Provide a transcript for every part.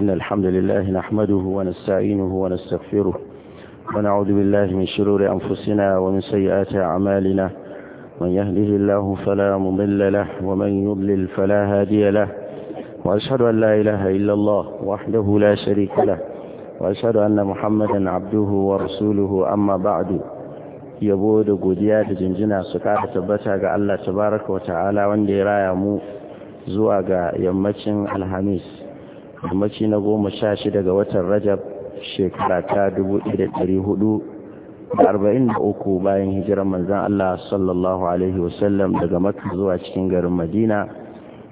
إن الحمد لله نحمده ونستعينه ونستغفره ونعوذ بالله من شرور أنفسنا ومن سيئات أعمالنا من يهده الله فلا مضل له ومن يضلل فلا هادي له وأشهد أن لا إله إلا الله وحده لا شريك له وأشهد أن محمدا عبده ورسوله أما بعد yabo da godiya da jinjina su kara tabbata ga Allah tabaraka wata'ala wanda ya raya mu zuwa ga yammacin alhamis yammaci na goma sha shi daga watan rajab shekara ta dubu ɗaya da hudu da arba'in da uku bayan hijirar manzan Allah sallallahu alaihi wasallam daga maka zuwa cikin garin madina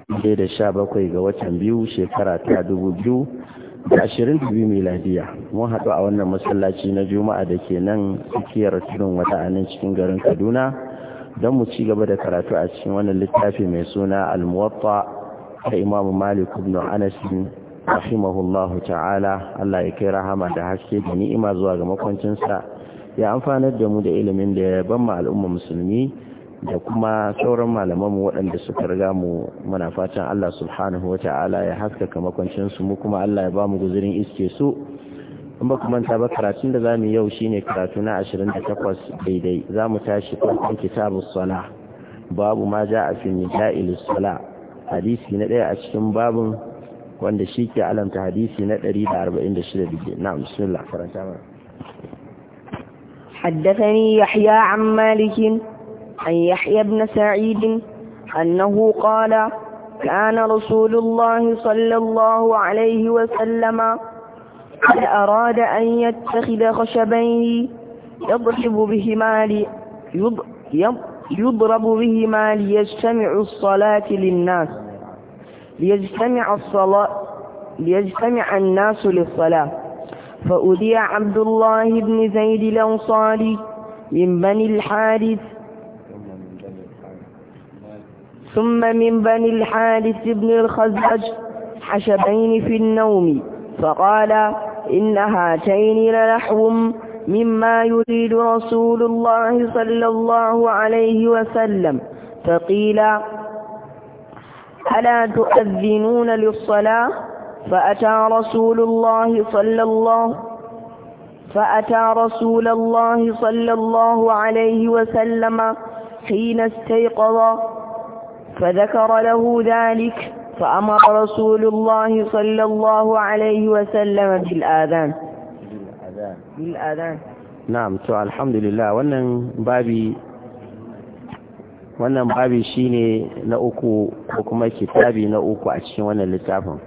ɗaya da sha bakwai ga watan biyu shekara ta dubu biyu da ashirin da biyu miladiya mun haɗu a wannan masallaci na juma'a da ke nan tsakiyar turin wata anan cikin garin kaduna don mu ci gaba da karatu a cikin wannan littafi mai suna al-muwatta ta imamu malik ibn anas rahimahullahu ta'ala Allah ya kai rahama da haske da ni'ima zuwa ga makwancinsa ya amfanar da mu da ilimin da ya ban al'umma musulmi da kuma sauran malaman mu waɗanda suka riga mu muna fatan Allah subhanahu wata'ala ya haskaka makwancinsu mu kuma Allah ya bamu mu guzurin iske su in ba kuma ta ba karatun da zamu yau shine karatu na 28 daidai zamu tashi farkon kitabus sala babu ma ja'a fi nida'il sala hadisi na daya a cikin babun wanda shi ke alamta hadisi na 146 na'am bismillah karanta mana حدثني يحيى عن مالك عن يحيى بن سعيد أنه قال كان رسول الله صلى الله عليه وسلم قد أراد أن يتخذ خشبين يضرب بهما لي يضرب بهما ليجتمع الصلاة للناس ليجتمع الصلاة ليجتمع الناس للصلاة فأذي عبد الله بن زيد الأنصاري من بني الحارث ثم من بني الحارث بن الخزرج حشبين في النوم فقال إن هاتين لنحو مما يريد رسول الله صلى الله عليه وسلم فقيل ألا تؤذنون للصلاة فأتى رسول الله صلى الله فأتى رسول الله صلى الله عليه وسلم حين استيقظ فذكر له ذلك فأمر رسول الله صلى الله عليه وسلم بالآذان بالآذان نعم الحمد لله wannan بابي wannan babi shine na uku ko kuma kitabi na uku a cikin wannan littafin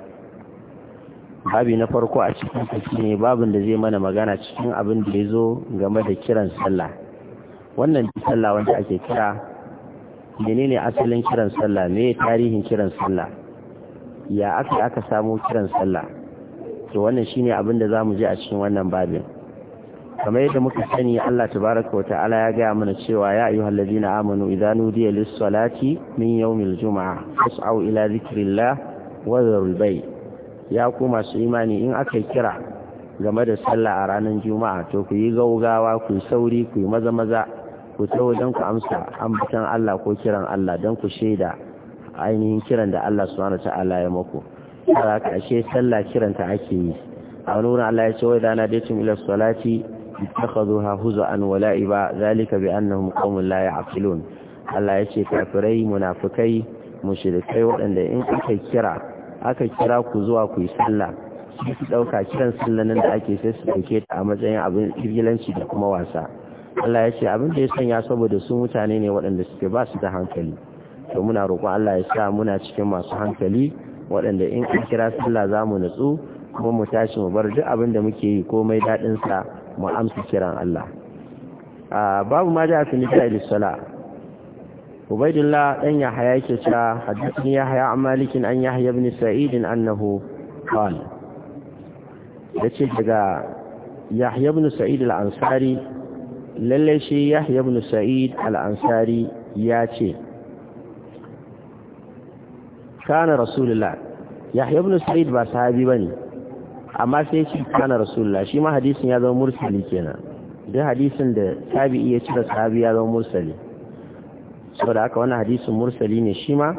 babi na farko a cikin shine babin da zai mana magana cikin abin da ya zo game da kiran sallah wannan sallah wanda ake kira menene asalin kiran sallah me tarihin kiran sallah ya aka aka samu kiran sallah to wannan shine abin da zamu ji a cikin wannan babin kamar yadda muka sani Allah tabaraka wa ta'ala ya gaya mana cewa ya ayyuhal ladina amanu idza nudiya lis salati min yawmil jumu'a fas'au ila zikrillah wa dharul bay ya ku masu imani in aka kira game da sallah a ranar juma'a to ku yi gaugawa ku sauri ku yi maza maza ku taho don ku amsa ambatan Allah ko kiran Allah don ku shaida ainihin kiran da Allah subhanahu wa ta'ala ya muku ka ashe sallah kiranta ake yi a wani wurin Allah ya ce wai dana daitum ila salati اتخذوها هزءا ولعبا ذلك بأنهم قوم لا يعقلون Allah ya ce kafirai munafukai mushrikai waɗanda in aka kira aka kira ku zuwa ku yi sallah sai su ɗauka kiran sallah nan da ake sai su ɗauke ta a matsayin abin kirgilanci da kuma wasa Allah ya ce abin da ya sanya saboda su mutane ne waɗanda suke ba su da hankali to muna roƙon Allah ya sa muna cikin masu hankali waɗanda in an kira sallah za mu natsu kuma mu tashi mu bar duk abin da muke yi komai daɗinsa mu amsa kiran Allah babu ma da su nita da sala ubaidillah dan haya yake cewa hadisi ya haya malikin an yahya ibn sa'id annahu qala yace daga yahya ibn sa'id al-ansari lalle shi yahya ibn sa'id al-ansari yace kana rasulullah yahya ibn sa'id ba sahabi bane amma sai shi kana rasulullah shi ma hadisin ya zama mursali kenan duk hadisin da tabi'i ya cika sahabi ya zama mursali saboda haka wannan hadisin mursali ne shi ma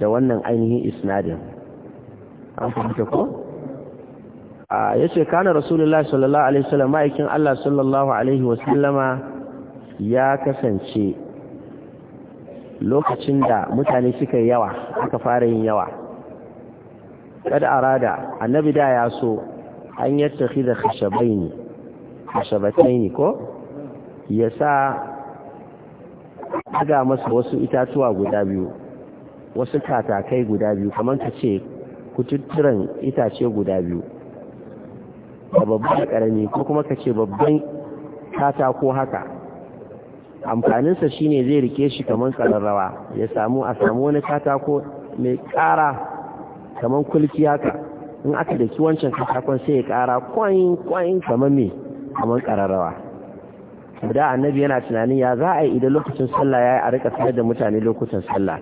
da wannan ainihin isnadin an fahimta ko ya ce kana rasulullah sallallahu alaihi wasallam ma'aikin Allah sallallahu alaihi wasallama ya kasance lokacin da mutane suka yawa aka fara yin yawa kada arada annabi da ya so an da khashabaini khashabataini ko yasa daga masa wasu itatuwa guda biyu wasu katakai guda biyu kamar ka ce kututturan itace guda biyu da babban karami ko kuma ka ce babban katako haka amfaninsa shine zai rike shi kamar kararrawa ya samu a samu wani katako mai kara kamar kulki haka in aka daki wancan katakon sai ya kara kwain kwain kamar me kamar kararrawa da annabi yana tunanin ya za a yi idan lokacin sallah ya yi a rika sanar da mutane lokacin sallah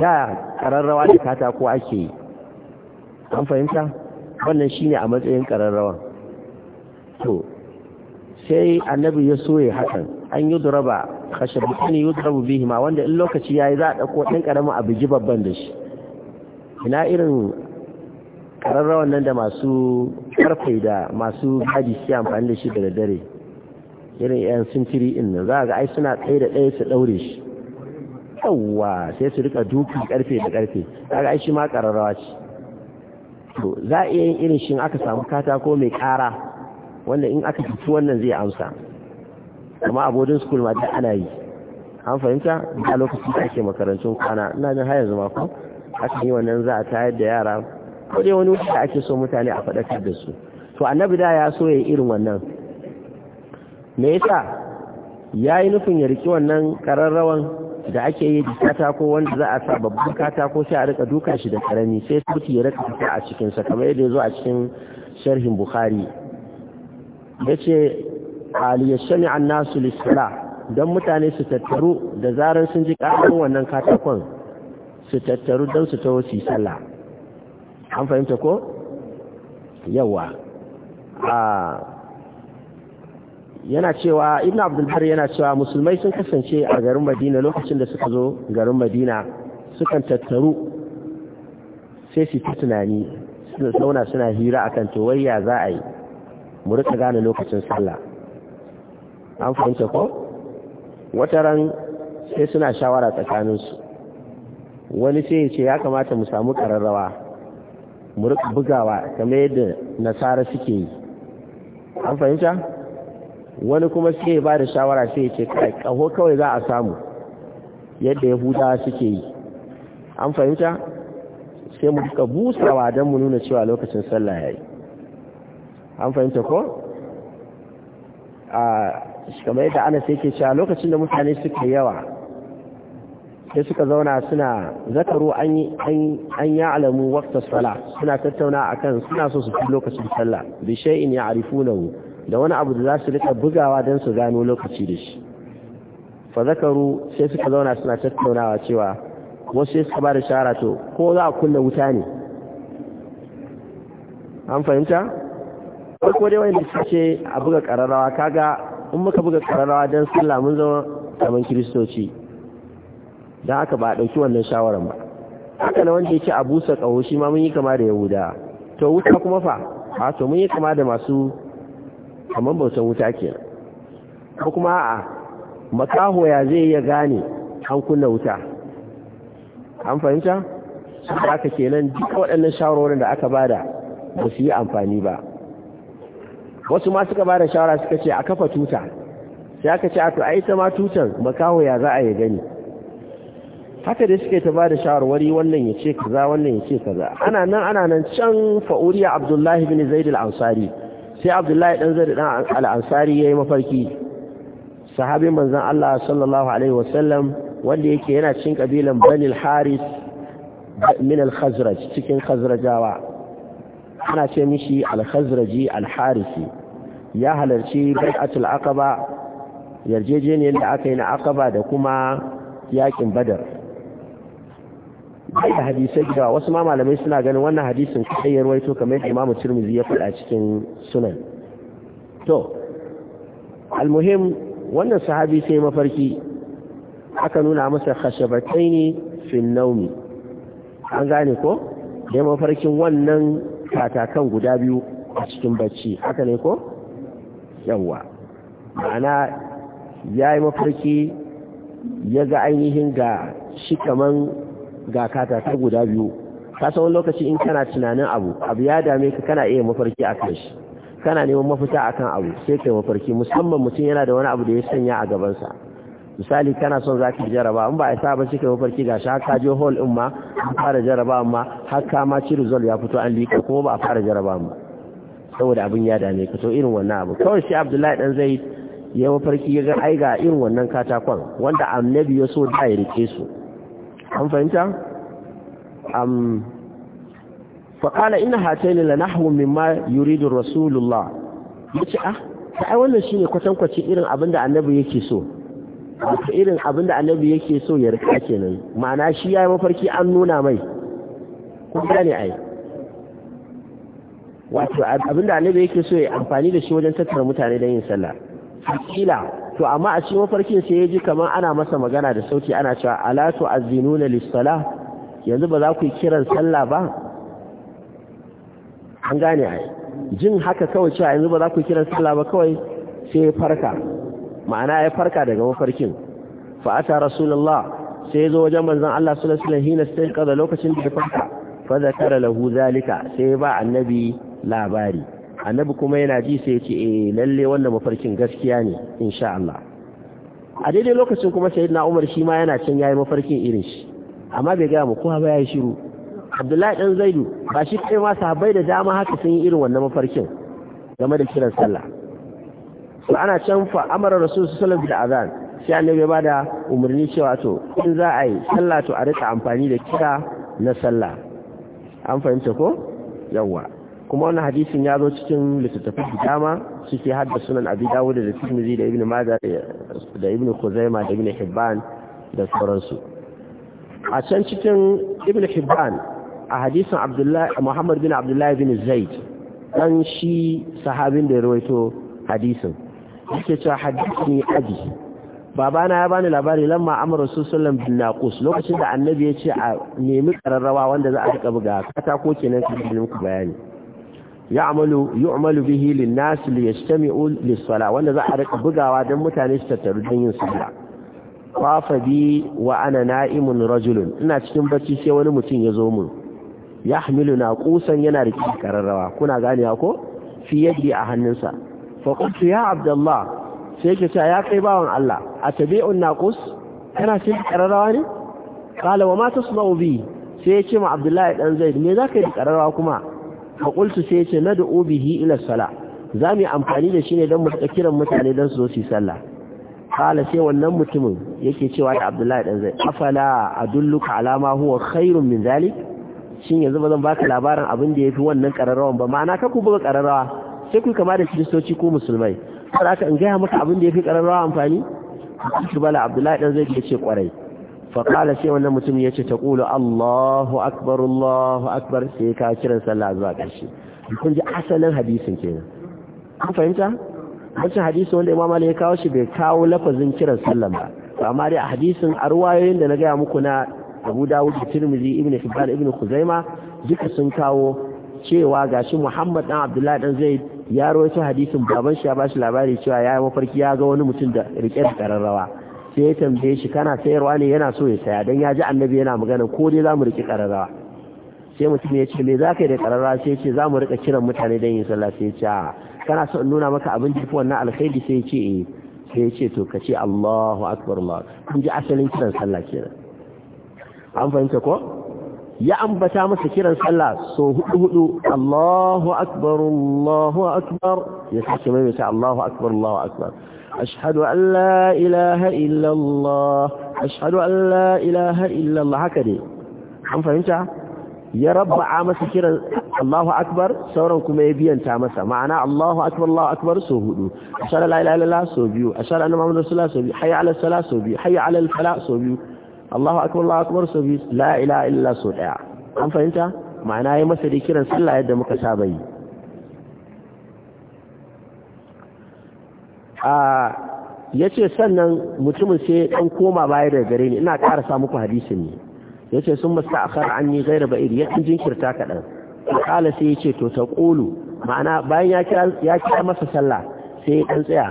da kararrawa da katako ake yi an fahimta wannan shine a matsayin kararrawan to sai annabi ya soye hakan an yi duraba kashe bukini yi durabu bihi ma wanda in lokaci ya yi za a ɗauko ɗan ƙaramin abu ji babban da shi ina irin ƙararrawan nan da masu ƙarfe da masu gadi shi amfani da shi da dare irin yan sintiri in nan za a ga ai suna tsaye da ɗaya su ɗaure shi yawwa sai su rika duki karfe da karfe za ga ai shi ma ƙararrawa ce to za a iya yin irin shi aka samu katako mai ƙara wanda in aka fito wannan zai amsa amma a boarding school ma ta ana yi an fahimta a lokacin da ake makarantun kwana ina jin har yanzu ma aka yi wannan za a tayar da yara ko dai wani wuce da ake so mutane a faɗakar da su to annabi da ya so ya irin wannan me yasa ya yi nufin ya riki wannan ƙararrawan da ake yi da katako wanda za a sa babban katako sai a rika duka shi da karami sai sauti ya rika fita a sa kamar yadda ya zo a cikin sharhin bukhari ya ce aliyashami an nasu lissala don mutane su tattaru da zaran sun ji ƙarar wannan katakon su tattaru don su ta wasu sallah an fahimta ko yawa a yana cewa ibn abdulbar yana cewa musulmai sun kasance a garin madina lokacin da suka zo garin madina sukan tattaru sai su ta tunani suna zauna suna hira kan towayya za a yi mu gane lokacin sallah an fahimta ko wataran sai suna shawara tsakaninsu wani sai ce ya kamata mu samu kararrawa mu rika bugawa kamar yadda nasara suke yi an fahimta wani kuma sai ba da shawara sai ya ce kai kaho kawai za a samu yadda yahudawa suke yi an fahimta sai mu rika busawa don mu nuna cewa lokacin sallah ya yi an fahimta ko a kamar yadda ana sai ke cewa lokacin da mutane suka yawa sai suka zauna suna zakaru an ya alamu wakta sala suna tattauna akan suna so su fi lokacin sallah bi shay'in ya'rifunahu da wani abu da za su rika bugawa don su gano lokaci da shi fa zakaru sai suka zauna suna tattaunawa cewa wasu sai suka ba da shara to ko za a kunna wuta ne an fahimta farko dai wanda suka ce a buga kararrawa kaga in muka buga kararrawa don sallah mun zama kamar kiristoci don haka ba a ɗauki wannan shawaran ba haka na wanda yake a busa ƙaho shi ma mun yi kama da yahuda to wuta kuma fa a to mun yi kama da masu kamar bautan wuta ke. ko kuma a'a makaho ya zai iya gane an kunna wuta an fahimta haka kenan duk waɗannan shawarorin da aka bada ba su yi amfani ba wasu ma suka bada shawara suka ce a kafa tuta sai aka ce a to a ita ma tutan makaho ya za a yi gani haka da suke ta da shawarwari wannan ya ce kaza wannan ya ce kaza ana nan ana nan can fa'uriya abdullahi bin zaid al-ansari sai abdullahi dan zaid dan al-ansari yayi mafarki sahabin manzon Allah sallallahu alaihi wasallam wanda yake yana cikin kabilan bani al-haris min al-khazraj cikin khazrajawa ana ce mishi al-khazraji al-harisi ya halarci bai'atul aqaba yarjejeniyar da aka yi na aqaba da kuma yakin badar da hadisai da wasu ma malamai suna ganin wannan hadisin kai ya ruwaito kamar yadda Imam Tirmidhi ya faɗa cikin sunan to almuhim wannan sahabi sai mafarki aka nuna masa khashabataini fi naumi an gane ko da mafarkin wannan katakan guda biyu a cikin bacci haka ne ko yawwa ma'ana ya yi mafarki ya ga ainihin ga shi kaman ga kata ta guda biyu ka wani lokaci in kana tunanin abu abu ya dame ka kana iya mafarki a kan shi kana neman mafita akan abu sai ka mafarki musamman mutum yana da wani abu da ya sanya a gabansa misali kana son za ki jaraba in ba a sa ba ka mafarki ga shi haka je hall in ma an fara jaraba amma haka ma ci result ya fito an liƙa, kuma ba a fara jaraba ba saboda abin ya dame ka to irin wannan abu kawai shi abdullahi dan zai ya mafarki ya ga ai ga irin wannan katakon wanda annabi ya so da ya rike su an fahimta am faƙala ina hatayi la nahwu mimma yuridu rasulullah yace ah ai wannan shine kwatankwacin irin abin da annabi yake so wato irin abin da annabi yake so ya rika kenan ma'ana shi yayi mafarki an nuna mai kun gane ai wato abin da annabi yake so ya amfani da shi wajen tattara mutane don yin sallah hakila to amma a cikin mafarkin sai ya ji kamar ana masa magana da sauti ana cewa ala azinuna lis-salah yanzu ba za ku yi kiran sallah ba an gane ai jin haka kawai cewa yanzu ba za ku yi kiran sallah ba kawai sai ya farka ma'ana ya farka daga mafarkin fa ata rasulullah sai ya zo wajen manzon Allah sallallahu alaihi wasallam hina sai kaza lokacin da ya farka fa zakara lahu zalika sai ba annabi labari annabi kuma yana ji sai ya ce eh lalle wannan mafarkin gaskiya ne insha Allah a daidai lokacin kuma sayyidina Umar shi ma yana can yayi mafarkin irin shi amma bai ga mu ko ba yayi shiru Abdullahi dan Zaidu ba shi kai ma sahabbai da dama haka sun yi irin wannan mafarkin game da kiran sallah to ana can fa amara rasul sallallahu alaihi wasallam sai annabi ya bada umarni cewa to in za a yi sallah to a rika amfani da kira na sallah an fahimta ko yawwa kuma wani hadisin ya zo cikin littattafai da dama ciki har sunan abi dawud da tirmidhi da ibn majah da Ibn kuzaima da ibn hibban da sauransu a can cikin Ibn hibban a hadisin abdullahi muhammad bin abdullahi bin zaid dan shi sahabin da ya rawaito hadisin yake cewa hadisni abi babana ya bani labari lamma amara su sallam bin naqus lokacin da annabi ya ce a nemi kararrawa wanda za a rika buga katako kenan kan bayani ya'malu yu'malu bihi lin-nas liyajtami'u lis-salah wanda za a rika bugawa dan mutane su tattaru dan yin sallah qafa bi wa ana na'imun rajulun ina cikin bacci sai wani mutum ya zo mun yahmilu naqusan yana riki kararrawa kuna ya ko fi yadi a hannunsa fa qultu ya abdullah sai ke ta ya kai bawan Allah atabi'un naqus kana cikin kararrawa ne qala wa ma tasma'u bi sai ya ce ma abdullahi dan zaid me zaka yi kararrawa kuma fa qultu sai yace nad'u bihi ila sala za mu amfani da shi ne don mu kiran mutane don su zo su sallah kala sai wannan mutumin yake cewa da Abdullahi dan zai afala adulluka ala ma huwa khairun min zalik shin yanzu ba zan baka labarin abin da yafi wannan ƙararrawan ba ma'ana ka ku buga ƙararrawa sai ku kama da kiristoci ko musulmai saboda aka in gaya maka abin da fi ƙararrawa amfani Abdullahi dan zai ce kwarai faƙala sai wannan mutum ya ce ta ƙula Allahu akbar Allahu akbar sai ka kiran sallah zuwa ƙarshe kun ji asalin hadisin kenan an fahimta wancan hadisi wanda imam Ali ya kawo shi bai kawo lafazin kiran sallah ba amma dai a hadisin arwayoyin da na gaya muku na Abu Dawud da Tirmidhi Ibn Hibban Ibn duka sun kawo cewa gashi Muhammad dan Abdullahi dan Zaid ya rawaito hadisin baban shi ya bashi labari cewa ya mafarki ya ga wani mutum da rike da sai ya tambaye shi kana sayarwa ne yana so ya saya dan ya ji annabi yana magana ko dai za mu riƙi ƙararrawa sai mutum ya ce me za ka yi da qarara sai ya ce za mu riƙa kiran mutane don yin sallah sai ya ce kana so in nuna maka abin jifi wannan alkhairi sai ya ce eh sai ya ce to ka ce Allahu akbar Allah kun ji asalin kiran sallah kenan an fahimta ko ya ambata masa kiran sallah so hudu hudu Allahu akbar Allahu akbar ya sake mai mata Allahu akbar Allahu akbar ashhadu an la ilaha illa Allah ashhadu an la ilaha illa Allah haka dai an fahimta ya rabba masa kiran Allahu akbar sauran kuma ya biyanta masa ma'ana Allahu akbar Allahu akbar so hudu ashhadu la ilaha illa Allah so biyu ashhadu anna muhammadar rasulullah so biyu hayya ala salat so biyu hayya ala al falah so biyu Allahu akbar Allahu akbar so biyu la ilaha illa so daya an fahimta ma'ana yi masa da kiran sallah yadda muka saba yi yace sannan mutumin sai ɗan koma baya da gare ni ina karasa muku hadisin ne yace sun musta'akhar anni ghayra ba'id ya jinkirta kaɗan. kala sai yace to taqulu ma'ana bayan ya kira masa sallah sai ɗan tsaya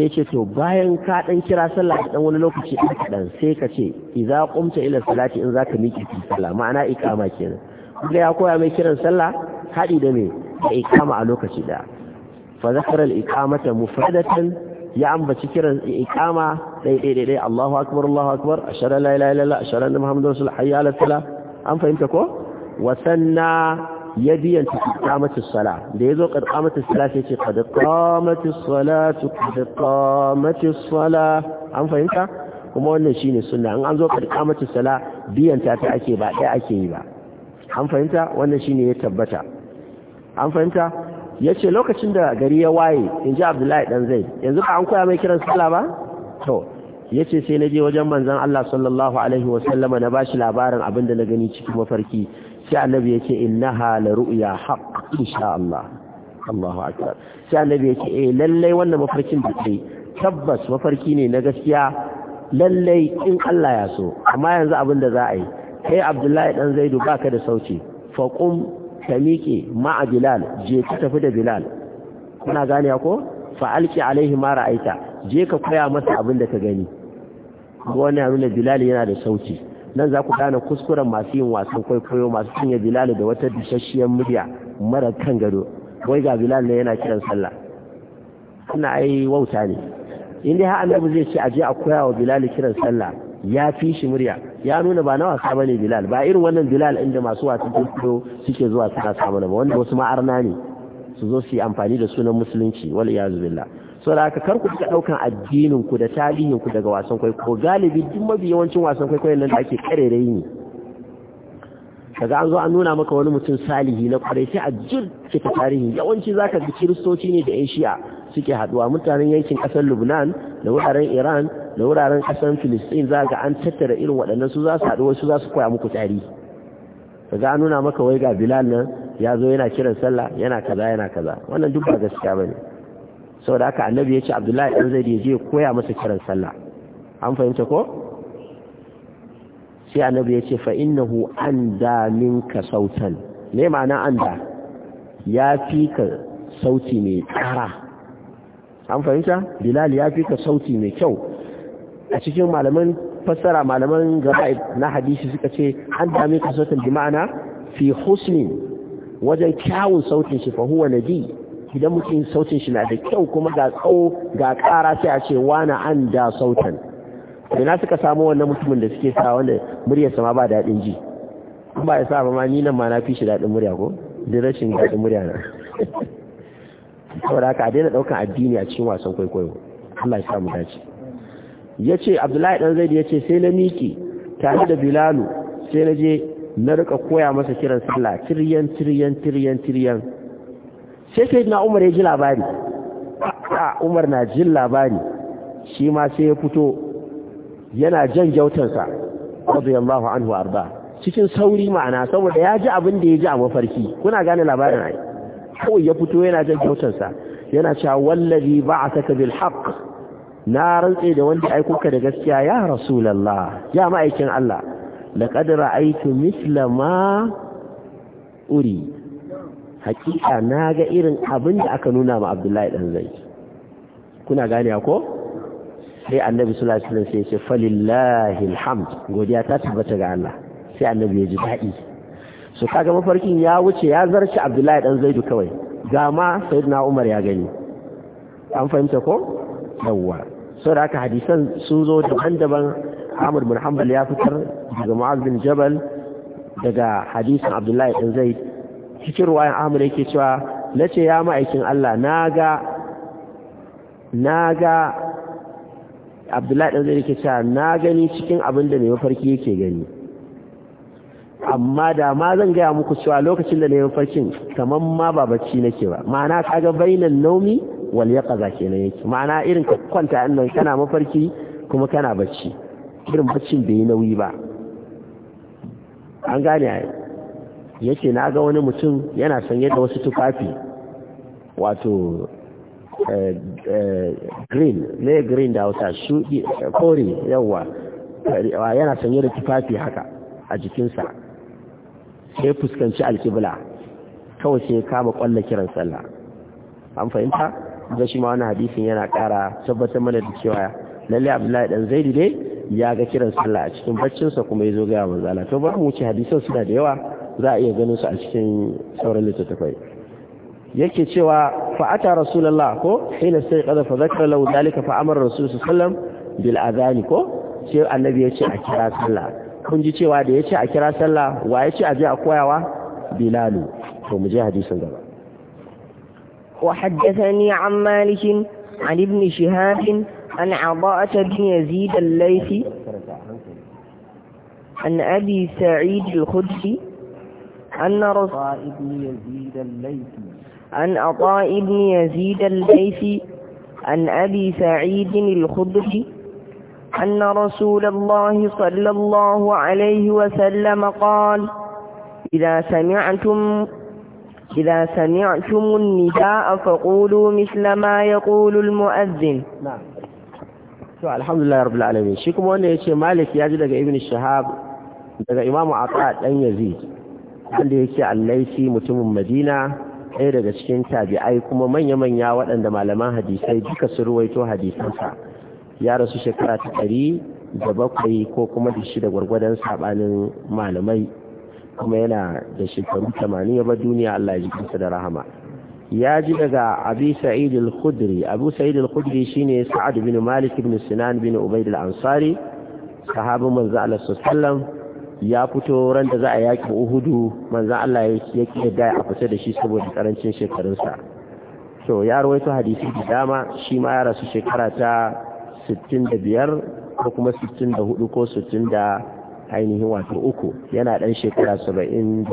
sai ce to bayan ka dan kira sallah da dan wani lokaci din kadan sai ka ce idza qumta ila salati in zaka miƙe ki sallah ma'ana iqama kenan kuma ya koya mai kiran sallah hadi da me da iqama a lokaci da fa zakara al iqamata mufradatan ya ambaci kiran iqama dai dai dai Allahu akbar Allahu akbar ashhadu la ilaha illallah ashhadu anna muhammadar rasul hayya ala salah an fahimta ko wa sanna ya biyanta qamatu sala da yazo qamatu sala sai ce qad qamatu salatu qad qamatu sala an fahimta kuma wannan shine sunna in an zo qad sala biyanta ta ake ba dai ake yi ba an fahimta wannan shine ya tabbata an fahimta yace lokacin da gari ya waye in ji Abdullahi dan zai, yanzu ba an koya mai kiran sala ba to yace sai na je wajen manzon Allah sallallahu alaihi wasallama na bashi labarin abinda na gani cikin mafarki sai annabi yace innaha la ru'ya haqq insha Allah Allahu akbar sai annabi yace eh lallai wannan mafarkin da kai tabbas mafarki ne na gaskiya lallai in Allah ya so amma yanzu abin da za a yi kai Abdullahi dan Zaidu baka da sauci faqum ka miƙe ma'a Bilal je ka tafi da Bilal kuna gane ko fa alki alaihi ma ra'aita je ka koya masa abin da ka gani wani nuna Bilal yana da sauci nan za ku gane kuskuren masu yin wasan kwaikwayo masu cinye bilal da wata dusasshiyar murya mara kan gado wai ga bilal ne yana kiran sallah suna ai wauta ne in dai har annabi zai ce a je a koya wa bilal kiran sallah ya fi shi murya ya nuna ba na wasa ne bilal ba irin wannan bilal inda masu wasan kwaikwayo suke zuwa suna samu ba wanda wasu ma'arna ne su zo su yi amfani da sunan musulunci wal iyazu billah so da haka karku suka daukan addinin ku da talihin ku daga wasan kwaikwayo galibi duk mafi yawancin wasan kwaikwayon nan da ake karerai ne kaga an zo an nuna maka wani mutum salihi na kwarai sai a jirce ta tarihi yawanci zaka ga kiristoci ne da yan shi'a suke haduwa mutanen yankin kasar Lubnan da wuraren Iran da wuraren kasar Filistin za ga an tattara irin waɗannan su za su haɗu wasu za su koya muku tarihi kaga an nuna maka wai ga Bilal nan ya zo yana kiran sallah yana kaza yana kaza wannan duk ba gaskiya ba ne. da aka annabi ya ce abdullahi ɗan zai je koya masa kiran sallah an fahimta ko sai annabi ya ce fa innahu anda minka sautan ne ma'ana anda ya fi ka sauti mai tsara an fahimta bilal ya fi ka sauti mai kyau a cikin malaman fassara malaman gaba na hadisi suka ce anda minka sautan bi ma'ana fi husnin wajen kyawun sautin shi fa huwa nabi idan mutum sautin shi na da kyau kuma ga tsawo ga kara sai a ce wani an da sautan ina suka samu wannan mutumin da suke sa wanda muryarsa ma ba daɗin ji ba ya sa ba ma ni nan ma na fi shi daɗin murya ko duk rashin daɗin murya na saboda haka a daina ɗaukan addini a cikin wasan kwaikwayo Allah ya sa mu dace ya ce abdullahi ɗan zaidi ya ce sai na miki tare da bilalu sai na je na rika koya masa kiran sallah tiriyan tiriyan tiriyan tiriyan sai sai na umar ya ji labari a umar na jin labari shi ma sai ya fito yana jan jautansa radiyallahu anhu Ba. cikin sauri ma'ana saboda ya ji abin da ya ji a mafarki kuna gane labarin ai kawai ya fito yana jan jautansa yana cewa wallazi saka bil haqq na rantse da wanda aiko ka da gaskiya ya rasulullah ya ma'aikin Allah laqad ra'aytu misla ma uri hakika na ga irin abin da aka nuna ma abdullahi dan zai kuna gane ko sai annabi sallallahu alaihi wasallam sai ce falillahi alhamd godiya ta tabbata ga Allah sai annabi ya ji daɗi su kaga mafarkin ya wuce ya zarci abdullahi dan zaidu kawai ga ma sayyidina umar ya gani an fahimta ko yawwa sau da haka hadisan sun zo daban-daban amur bin hanbal ya fitar daga mu'az bin jabal daga hadisin abdullahi dan zaid cikin ruwayan ahmad yake cewa na ce ya ma'aikin Allah na ga na ga abdullahi ɗan zai yake cewa na gani cikin abin da mai mafarki yake gani amma da ma zan gaya muku cewa lokacin da na yi mafarkin kamar ma ba bacci nake ba ma'ana kaga bainan naumi wal ke nan yake ma'ana irin ka kwanta annan kana mafarki kuma kana bacci irin baccin bai nauyi ba an gane yi ya na ga wani mutum yana sanye da wasu tufafi wato eh, eh, green ne green da hausa shuɗi kore yawwa yana sanye da tufafi haka a jikinsa sai fuskanci alkibla kawai sai kama kwallon kiran sallah an fahimta zai shi ma wani hadisin yana kara tabbatar mana da cewa lallai abdullahi dan zaidi dai ya ga kiran sallah a cikin baccinsa kuma ya zo gaya manzala to ba mu wuce hadisan suna da yawa za a iya ganin su a cikin sauran littattafai yake cewa fa'ata rasulullah ko hina sai qada fa zakara lahu dalika fa amara rasul sallam bil adani ko sai annabi yace a kira sallah kun ji cewa da yace a kira sallah wa yace a je a koyawa bilal to mu je hadisin gaba wa haddathani an malik an ibn shihab an aba'at bin yazid al-laythi an abi sa'id al-khudri أن رسول ابن بن يزيد الليثي عن عطاء بن يزيد الليثي عن أبي سعيد الخدري أن رسول الله صلى الله عليه وسلم قال إذا سمعتم إذا سمعتم النداء فقولوا مثل ما يقول المؤذن نعم الحمد لله رب العالمين شكم وانا مالك يجي ابن الشهاب لك إمام عطاء لن يزيد wanda yake allaisi mutumin madina ɗaya daga cikin tabi'ai kuma manya-manya waɗanda malaman hadisai duka su ruwaito hadisansa ya rasu shekara ta ɗari da bakwai ko kuma da shida gwargwadon saɓanin malamai kuma yana da shekaru tamanin ya bar duniya Allah ya jikinsa da rahama ya ji daga Abu sa'id al abu sa'id al-khudri shine sa'ad bin malik bin sinan bin ubayd al-ansari sahabin manzo Allah sallallahu ya fito ran da za a yaƙi uhudu manzan Allah ya da a fita da shi saboda karancin shekarunsa to ya rawaito hadisi da dama shi ma ya rasu shekara ta 65 ko kuma 64 ko 60 da ainihin wato uku yana ɗan shekara 74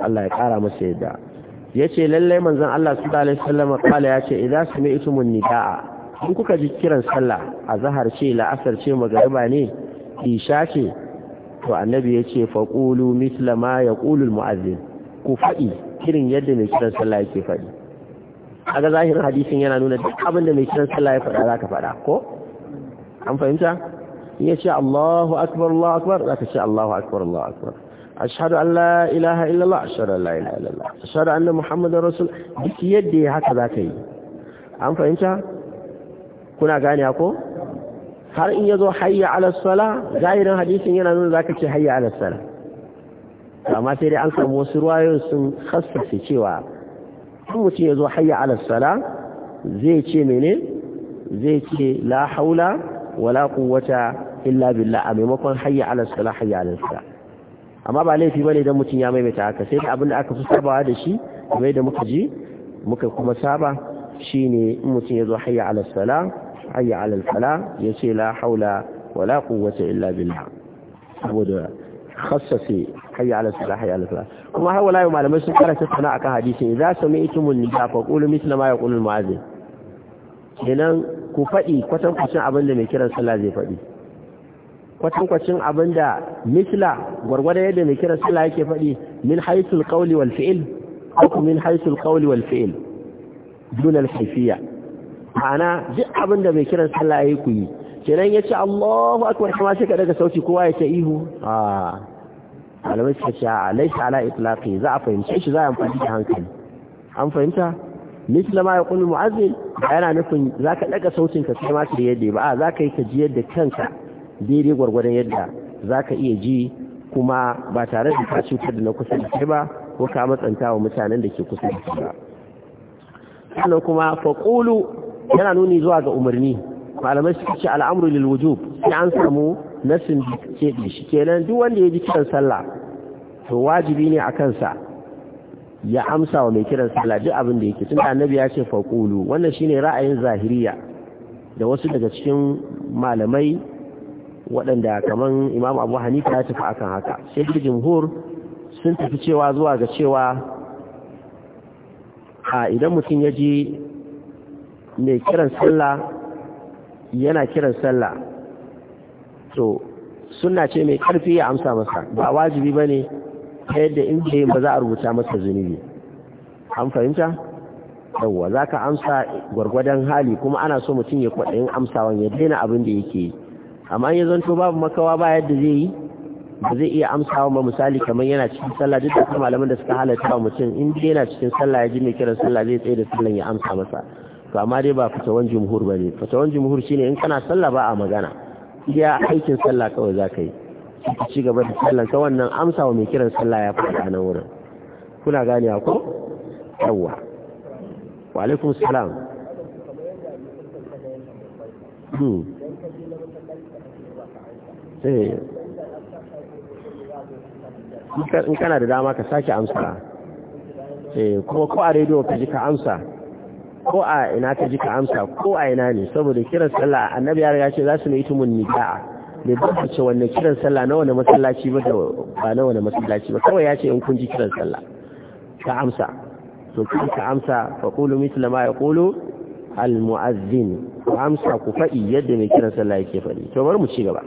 Allah ya ƙara masa yadda ya ce lallai manzan Allah su da alaihi sallama kala ya ce idan su mai mun nida'a in kuka ji kiran sallah a zahar ce la'asar ce magariba ne isha ce to annabi ya ce faƙulu misla ma ya ƙulul mu'azin. ku faɗi irin yadda mai kiran sallah yake faɗi a ga zahirin hadisin yana nuna duk abin da mai kiran sallah ya faɗa za ka faɗa ko an fahimta ya ce Allahu akbar Allahu akbar za ka ce Allahu akbar Allahu akbar ashhadu an la ilaha illallah ashhadu an la ilaha illallah ashhadu anna muhammadar rasul duk yadda ya haka za ka yi an fahimta kuna gane ko har in yazo hayya ala sala zahirin hadisin yana nuna zaka ce hayya ala sala amma sai dai an samu wasu ruwayoyin sun khassace cewa in mutum yazo hayya ala sala zai ce mene zai ce la haula wala quwwata illa billah a maimakon hayya ala sala hayya ala sala amma ba laifi bane dan mutum ya maimaita haka sai da abin da aka fi sabawa da shi kamar da muka ji muka kuma saba shine in mutum yazo hayya ala sala hayya alal fala yace la haula wala quwwata illa billah saboda khassasi hayya alal fala hayya alal fala kuma har malamai sun fara tattauna akan hadisi idza sami'tumun nida fa qulu mithla ma yaqulu al mu'adhdhin kenan ku faɗi kwatankwacin abin da mai kiran sallah zai faɗi kwatankwacin abin da misla gwargwada yadda mai kiran sallah yake faɗi min haisul qawli wal fi'il ko min ma'ana duk abin da mai kiran sallah yayi ku yi kenan yace Allahu akbar kuma sai ka daga sauti kowa ya ce ihu a malamai suka ce a ala itlaqi za a fahimce shi za a amfani da hankali an fahimta misla ma yaqul mu'azzin yana nufin zaka daga sautin ka sai ma ka yadda ba zaka yi ka ji yadda kanka daidai gwargwadon yadda zaka iya ji kuma ba tare da ka cutar da na kusa da kai ba ko ka matsanta wa mutanen da ke kusa da kai ba sannan kuma faqulu yana nuni zuwa ga umarni malamai suka ce al'amru lil wujub sai an samu nasin ce shi kenan duk wanda ya ji kiran sallah to wajibi ne a kansa ya amsa wa mai kiran sallah duk abin da yake tun da annabi ya ce faqulu wannan shine ra'ayin zahiriya da wasu daga cikin malamai waɗanda kaman Imam Abu Hanifa ya tafi akan haka sai da jumhur sun tafi cewa zuwa ga cewa a idan mutum ya ji mai kiran sallah yana kiran sallah to suna ce mai karfi ya amsa masa ba wajibi ba ne ta yadda in ce ba za a rubuta masa zunubi an fahimta yauwa za ka amsa gwargwadon hali kuma ana so mutum ya kwaɗayin amsawan ya daina abin da yake yi amma ya zanto babu makawa ba yadda zai yi ba zai iya amsawa ba misali kamar yana cikin sallah duk da malaman da suka halatta mutum in dai yana cikin sallah ya ji mai kiran sallah zai tsaye da sallan ya amsa masa to amma dai ba fatawan jumhur ba ne fatawan jumhur shine in kana sallah ba a magana iya aikin sallah kawai za ka yi ka ci gaba da sallah. ka wannan amsa wa mai kiran sallah ya faɗa nan wurin kuna gane ko yawwa wa alaikum salam hmm. eh. in kana da dama ka sake amsa eh, kuma ko a rediyo ka ji ka amsa ko a ina ka ji ka amsa ko a ina ne saboda kiran sallah annabi ya riga ce za su nitu mun nida'a bai ce wanne kiran sallah na wani masallaci ba da ba na wani masallaci ba kawai ya ce in kun ji kiran sallah ka amsa to kun ka amsa fa qulu mithla ma yaqulu al mu'azzin ku amsa ku faɗi yadda mai kiran sallah yake faɗi to bari mu ci gaba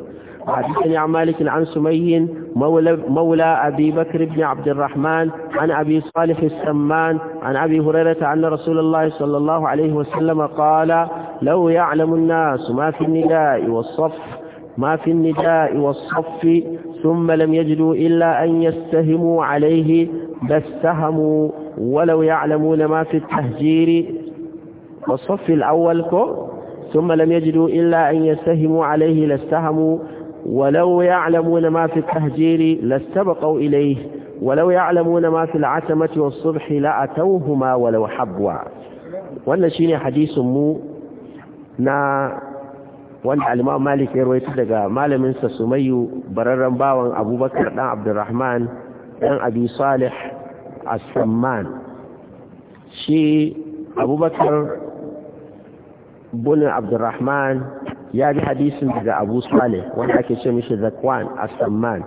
حدثني عن مالك عن سمي مولى, مولى أبي بكر بن عبد الرحمن عن أبي صالح السمان عن أبي هريرة أن رسول الله صلى الله عليه وسلم قال لو يعلم الناس ما في النداء والصف ما في النداء والصف ثم لم يجدوا إلا أن يستهموا عليه لاستهموا ولو يعلمون ما في التهجير والصف الأول ثم لم يجدوا إلا أن يستهموا عليه لاستهموا ولو يعلمون ما في التهجير لاستبقوا إليه ولو يعلمون ما في العتمة والصبح لأتوهما ولو حبوا wannan shine hadisin mu na wanda al-Imam Malik ya rawaito daga malamin sa Sumayyu bararran bawan Abubakar Ɗan Abdurrahman dan Abi Salih as shi Abubakar bin Abdurrahman ya bi hadisin daga abu salih wanda ake ce mishi zakwan asamman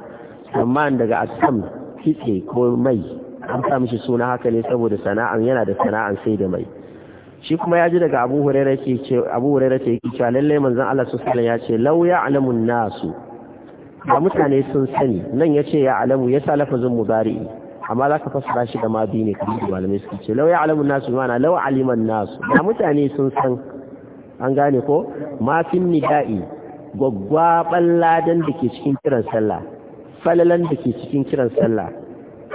samman daga asam kitse ko mai an sa mishi suna haka ne saboda sana'an yana da sana'an sai da mai shi kuma ya ji daga abu hurairar ke ce abu hurairar ce yake cewa lallai manzon Allah su sallallahu ya ce ya alamun nasu da mutane sun sani nan ya ce ya alamu ya sa lafazin mudari amma za ka fassara shi da ma bi ne kamar malamai suke ce ya alamun nasu na lau aliman nasu da mutane sun san an gane ko mafin nida'i gwaggwaban ladan da ke cikin kiran sallah falalan da ke cikin kiran sallah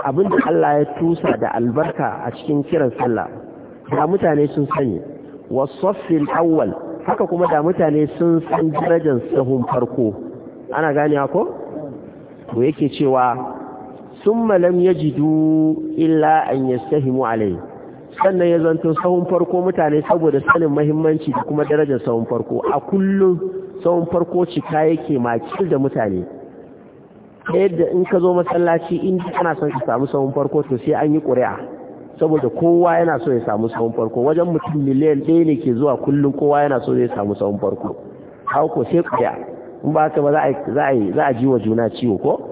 abinda Allah ya tusa da albarka a cikin kiran sallah da mutane sun sani wasoffin awwal haka kuma da mutane sun san darajar sahun farko ana ganewa ko to yake cewa summa lam yajidu illa an yastahimu alayhi sannan ya zanto sahun farko mutane saboda sanin mahimmanci da kuma darajar sahun farko a kullum sahun farko cika yake makil da mutane ta yadda in ka zo masallaci inda ana son ka samu sahun farko to sai an yi ƙuri'a saboda kowa yana so ya samu sahun farko wajen mutum miliyan ɗaya ne ke zuwa kullum kowa yana so ya samu sahun farko ko sai ƙuri'a in ba haka ba za a ji wa juna ciwo ko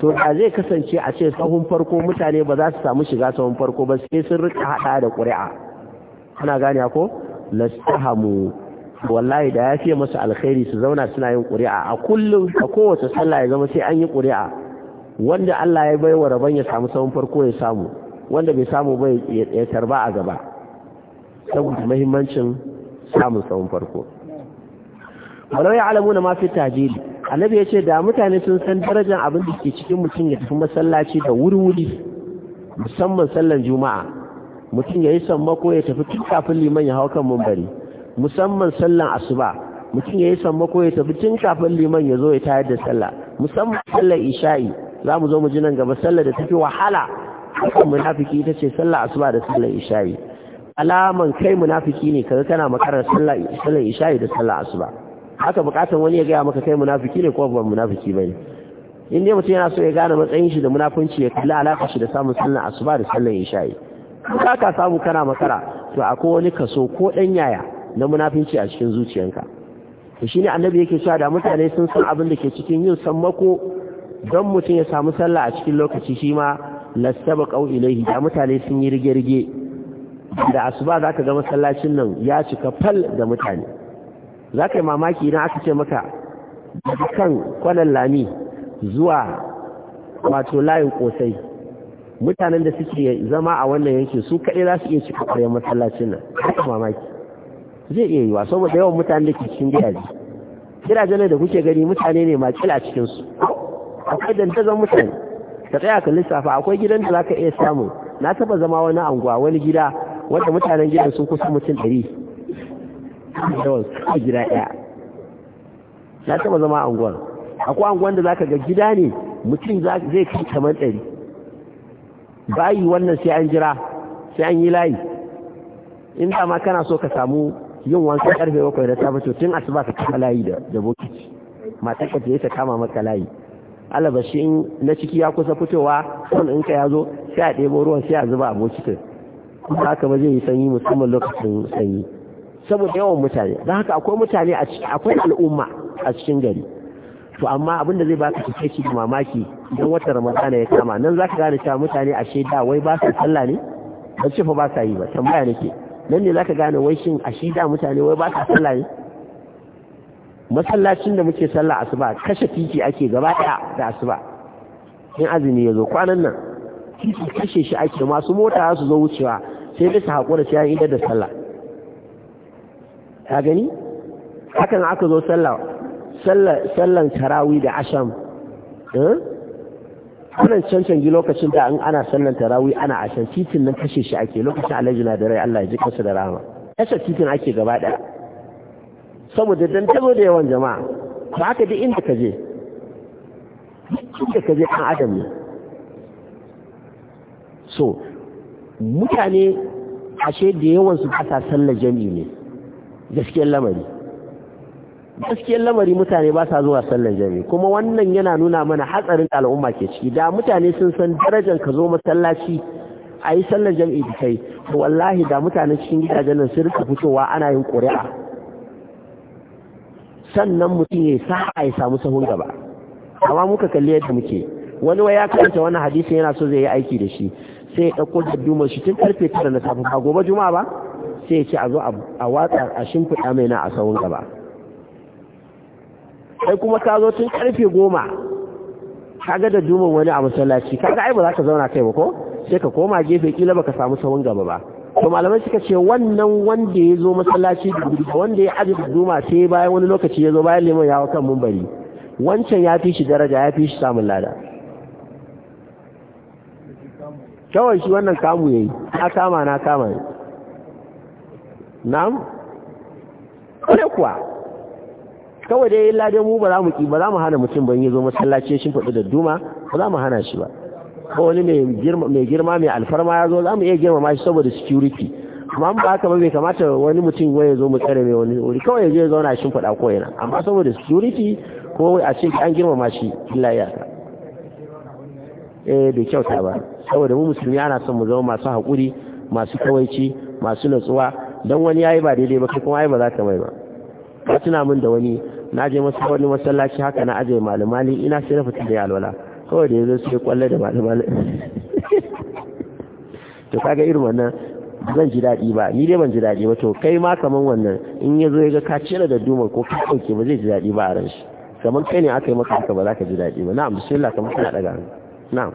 to da zai kasance a ce sahun farko mutane ba za su samu shiga sahun farko ba sai sun rika hada da ƙuri'a ana gane ko lastahamu wallahi da ya fiye masu alkhairi su zauna suna yin ƙuri'a a kullum a kowace sallah ya zama sai an yi ƙuri'a wanda Allah ya baiwa rabon ya samu sahun farko ya samu wanda bai samu ba ya tarba a gaba saboda muhimmancin samun sahun farko walau ya na ma fi tajili annabi ya ce da mutane sun san darajar abin da ke cikin mutum ya tafi masallaci da wuri-wuri musamman sallan juma'a mutum ya yi sammako ya tafi tun kafin liman ya hau kan mumbari musamman sallan asuba mutum ya yi sammako ya tafi tun kafin liman ya zo ya tayar da sallah musamman sallar isha'i za mu zo mu ji nan gaba sallar da tafi wahala akan munafiki ita ce sallar asuba da sallar isha'i alaman kai munafiki ne kaga kana makarar sallar isha'i da sallar asuba haka bukatan wani ya gaya maka kai munafiki ne ko ban munafiki bane in dai mutum yana so ya gane matsayin shi da munafunci ya kalli alaƙa shi da samun sallan asuba da sallan isha'i ka ka samu kana makara to akwai wani kaso ko ɗan yaya na munafunci a cikin zuciyanka to shine annabi yake cewa da mutane sun san abin da ke cikin yin sammako don mutum ya samu sallah a cikin lokaci shi ma lastaba qau ilaihi da mutane sun yi rige-rige da asuba zaka ga masallacin nan ya cika fal da mutane za ka yi mamaki idan aka ce maka daga kan kwanan lami zuwa wato layin kosai mutanen da suke zama a wannan yankin su kaɗai za su iya cika ƙwaryar masallacin nan haka mamaki zai iya yiwa saboda yawan mutane da ke cikin gidaje gidajen da kuke gani mutane ne makil a cikinsu akwai dandazon mutane ka tsaya ka lissafa akwai gidan da za ka iya samu na taɓa zama wani anguwa wani gida wanda mutanen gidan sun kusa mutum ɗari yawan kawai gida ɗaya na taɓa zama anguwar akwai unguwar da za ka ga gida ne mutum zai kai kamar ɗari bayi wannan sai an jira sai an yi layi in ma kana so ka samu yin wankan karfe bakwai da ta to tun asuba ka kama layi da bokiti ka ta kama maka layi alabashi in na ciki ya kusa fitowa son in ka ya zo sai a ɗebo ruwan sai a zuba a bokitin haka ba zai yi sanyi musamman lokacin sanyi saboda yawan mutane don haka akwai mutane akwai al'umma a cikin gari to amma abin da zai baka cike shi da mamaki idan watan ramadana ya kama nan za ka gane cewa mutane a da wai ba su sallah ne ba ce fa ba sa yi ba tambaya nake nan ne za ka gane wai shin a da mutane wai ba su sallah ne masallacin da muke sallah asuba kashe titi ake gaba daya da asuba in azumi ya zo kwanan nan titi kashe shi ake masu mota su zo wucewa sai dai su haƙura sai an idar da sallah ka gani hakan aka zo sallah sallan tarawi da asham eh? Wannan cancanci lokacin da ana sallan tarawi ana asham titin nan kashe shi ake lokacin alhaji na da rai Allah ya ji kansa da rahama kashe titin ake gaba ɗaya. saboda dan tazo da yawan jama'a ba haka da inda ka je inda ka je kan adam ne so mutane ashe da yawan su ba sa sallar jami'i ne gaskiyar lamari gaskiyar lamari mutane ba sa zuwa sallar jami'i kuma wannan yana nuna mana hatsarin al'umma ke ciki da mutane sun san darajar ka zo masallaci a yi sallar jami'i da kai wallahi da mutane cikin gidajen nan sun rika fitowa ana yin ƙuri'a sannan mutum ya sa a yi samu sahun gaba amma muka kalli yadda muke wani wa ya karanta wannan hadisi yana so zai yi aiki da shi sai ya ɗauko daddumar shi tun karfe tara na safe ba gobe juma'a ba sai ce a zo a watsa a shimfiɗa mai na a saurin gaba sai kuma ka zo tun karfe goma ka ga da duman wani a masallaci ka ga aibu za ka zauna kai ba ko sai ka koma gefe ƙila ba ka samu sauran gaba ba to malamai suka ce wannan wanda ya zo masallaci da wanda ya aji duma sai bayan wani lokaci ya zo bayan liman ya kan mumbari wancan ya fi shi daraja ya fi shi samun lada kawai shi wannan kamu ya yi na kama na kama ne na'am kare kuwa kawai dai ladan mu ba za mu ki ba za mu hana mutum ban yi zo masallaci shi fadi da duma ba za mu hana shi ba ko wani mai girma mai alfarma ya zo za mu iya girmama shi saboda security amma ba haka ba bai kamata wani mutum wai ya zo mu tsare mai wani wuri kawai ya je ya zauna shi fada ko yana amma saboda security ko wai a ce an girmama shi illa iyaka eh bai kyauta ba saboda mu musulmi ana son mu zama masu haƙuri masu kawaici masu natsuwa don wani ya yi ba daidai ba kai kuma ai ba za ka mai ba ka tuna min da wani na je masu wani masallaci haka na ajiye malamali ina sai na fita da alwala kawai da ya zo su yi kwallo da malamali to kaga irin wannan zan ji daɗi ba ni dai ban ji daɗi ba to kai ma kaman wannan in ya zo ya ga ka cire da duma ko ka ɗauke ba zai ji daɗi ba a ran shi kaman kai ne aka yi maka haka ba za ka ji daɗi ba na'am bismillah kamar kana daga hannu na'am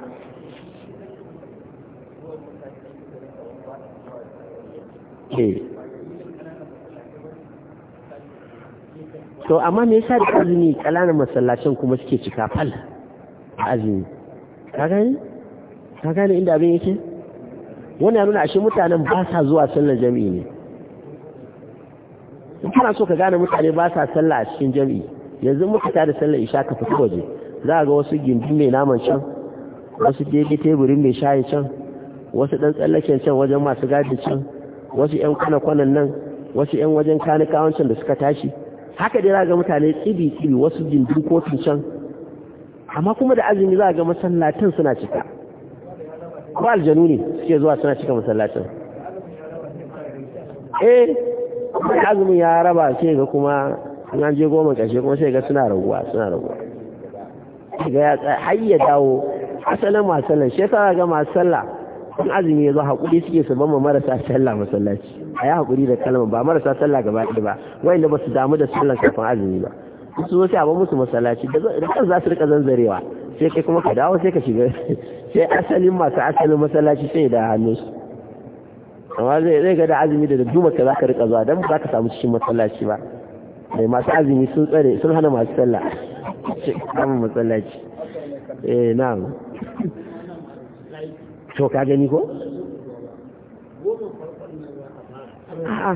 eh to amma me yasa da azumi kalanan masallacin kuma suke cika fal a azumi ka gani ka gani inda abin yake wannan ya nuna ashe mutanen ba sa zuwa sallar jami'i ne in kana so ka gane mutane ba sa sallah a cikin jami'i yanzu muka ta da sallar isha ka fita waje za ga wasu gindin mai naman can wasu daidai teburin mai shayi can wasu dan tsallaken can wajen masu gadi can wasu yan kwana-kwanan nan wasu yan wajen kanikawan can da suka tashi haka dai za ga mutane tsibi tsibi wasu jindin kotun can amma kuma da azumi za ga masallatin suna cika ko aljanu ne suke zuwa suna cika masallatin eh kuma azumin ya raba sai ga kuma an je goma kashe kuma sai ga suna raguwa suna raguwa ga ya har dawo asalin masallan shekara ga masallah in azumi ya zo haƙuri suke su bama marasa sallah masallaci a yi haƙuri da kalma ba marasa sallah gaba ɗaya ba wanda ba su damu da sallah kafin azumi ba su zo sai a ba musu masallaci da kan za su rika zanzarewa sai kai kuma ka dawo sai ka shiga sai asalin masu asalin masallaci sai da hannu amma zai ga da azumi da duma ka za ka rika zuwa don ba ka samu cikin masallaci ba mai masu azumi sun tsare sun hana masu sallah sai masallaci eh na'am to ka gani ko a'a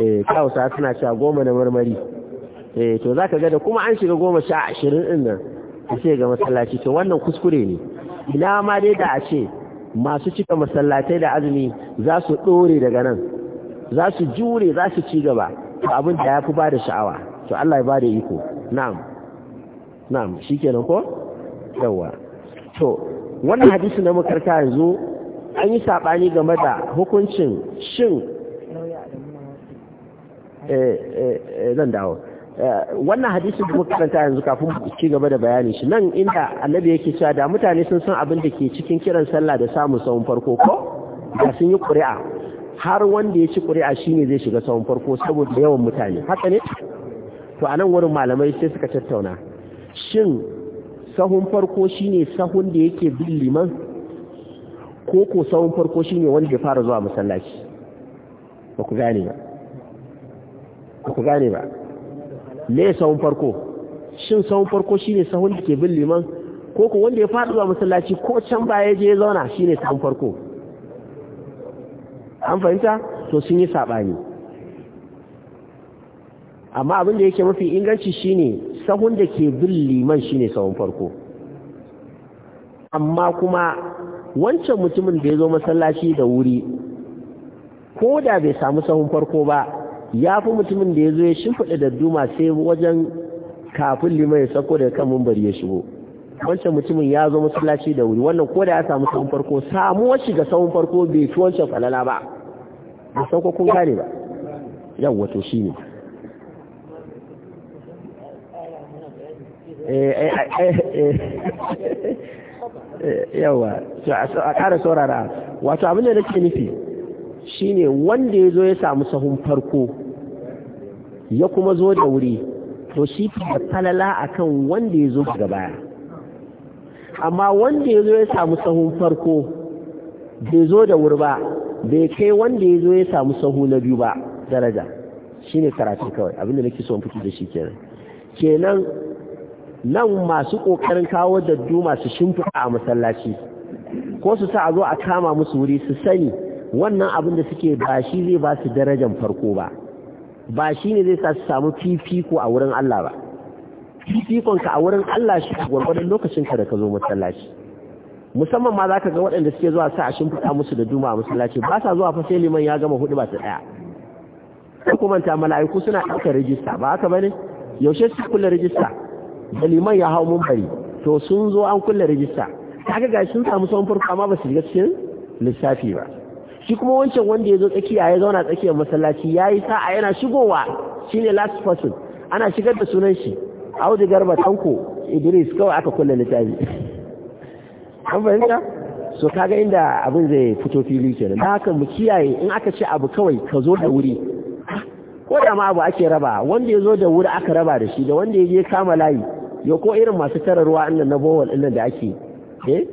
eh kawusa suna sha goma na marmari eh to zaka ga da kuma an shiga goma sha ashirin din nan sai ga masallaci to wannan kuskure ne ina ma dai da a ce masu cika masallatai da azumi za su dore daga nan za su jure za su ci gaba to abin da ya fi ba da sha'awa to Allah ya ba da iko na'am na'am shikenan ko yawa to wannan hadisi na makarta yanzu an yi saɓani game da hukuncin shin eh, eh, eh, zan dawo wannan hadisi da muka karanta yanzu kafin ci gaba da bayani shi nan inda annabi yake cewa da mutane sun san abin da ke cikin kiran sallah da samun sahun farko ko da sun yi ƙuri'a har wanda ya ci ƙuri'a shine zai shiga sahun farko saboda yawan mutane haka ne to a nan wurin malamai sai suka tattauna shin sahun farko shine sahun da yake bin liman ko ko sahun farko shine wanda ya fara zuwa masallaci ba ku gane ba ba ku gane ba me sahun farko shin sahun farko shine sahun da ke bin liman ko ko wanda ya fara zuwa masallaci ko can baya je ya zauna shine sahun farko an fahimta to sun yi saɓani amma abin da yake mafi inganci shine sahun da ke bin liman shine sahun farko amma kuma wancan mutumin da ya zo masallaci da wuri ko da bai samu sahun farko ba ya fi mutumin da ya zo ya shimfiɗa da duma sai wajen kafin liman ya sako daga kan mumbar ya shigo wancan mutumin ya zo masallaci da wuri wannan ko da ya samu sahun farko samuwar shiga sahun farko bai fi wancan falala ba da sauko kun gane ba yawwa to ne. Eh, eh, eh, yawa a ƙara saurara wato abin da ke nufi shine wanda ya zo ya samu sahun farko ya kuma zo da wuri to shi da falala akan wanda ya zo daga baya amma wanda ya zo ya samu sahun farko bai zo da wuri ba bai kai wanda ya zo ya samu sahu na biyu ba daraja shine karatu kawai abin da nake so in fito da shi kenan kenan nan masu ƙoƙarin kawo daddu masu shimfiɗa a masallaci ko su sa a zo a kama musu wuri su sani wannan abin da suke ba shi zai ba su darajar farko ba ba shi ne zai sa su samu fifiko a wurin Allah ba fifikonka a wurin Allah shi gwargwadon lokacin ka da ka zo masallaci musamman ma za ka ga waɗanda suke zuwa sa a shimfiɗa musu da duma a masallaci ba sa zuwa fa sai liman ya gama hudu ba su ɗaya ko kuma ta mala'iku suna ɗaukar rijista ba haka bane yaushe su kula rijista da liman ya hau mumbari to sun zo an kulle rijista kaga ga sun samu son farko amma ba su shiga cikin lissafi ba shi kuma wancan wanda ya zo tsakiya ya zauna tsakiyar masallaci ya yi sa'a yana shigowa shine last person ana shigar da sunan shi Audu Garba Tanko Idris kawai aka kulle littafi an fahimta so kaga inda abin zai fito fili kenan da haka mu kiyaye in aka ce abu kawai ka zo da wuri ko da ma abu ake raba wanda ya zo da wuri aka raba da shi da wanda ya je kama layi yo ko irin masu tara ruwa inda na bowal inda da ake eh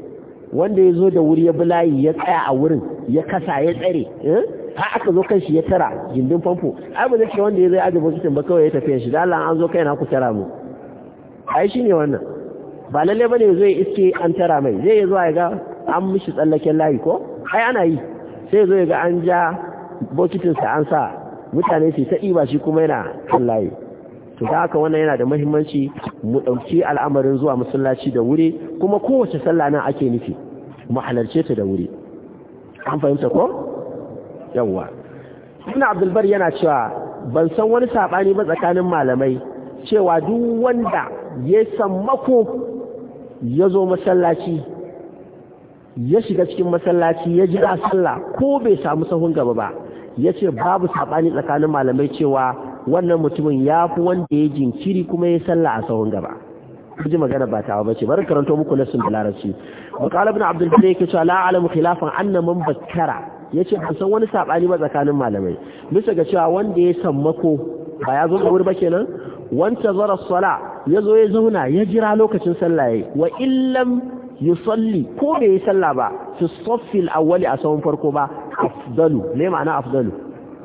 wanda ya zo da wuri ya bulayi ya tsaya a wurin ya kasa ya tsare eh? ha aka zo kan shi ya tara gindin famfo ai ba zai wanda ya zai ajiye bokitin ba kawai ya tafi shi da Allah an zo kai na ku tara mu ai ne wannan ba lalle bane ya zo ya iske an tara mai zai ya zo ya ga an mishi tsallaken layi ko ai ana yi sai ya zo ya ga an ja bokitin bokitinsa an sa mutane su ta ɗiba shi kuma yana kan layi to da aka wannan yana da muhimmanci mu ɗauki al'amarin zuwa masallaci da wuri kuma kowace sallah nan ake nufi mu halarce ta da wuri an fahimta ko yawwa abdul abdulbar yana cewa ban san wani sabani ba tsakanin malamai cewa duk wanda ya sammako ya zo masallaci ya shiga cikin masallaci ya jira sallah ko bai samu sahun gaba ba yace babu sabani tsakanin malamai cewa wannan mutumin ya fi wanda ya jinkiri kuma ya salla a tsawon gaba kuji magana ba ta bace bari karanto muku na da larabci wa qala ibn abdul bari yake cewa la alamu khilafan anna man bakkara yace ban san wani saɓani ba tsakanin malamai bisa ga cewa wanda ya sammako ba ya zo wuri ba kenan wanta zara sala ya zo ya zauna ya jira lokacin sallah yayi wa illam yusalli ko bai yi sallah ba fi saffil awwali a tsawon farko ba afdalu ne ma'ana afdalu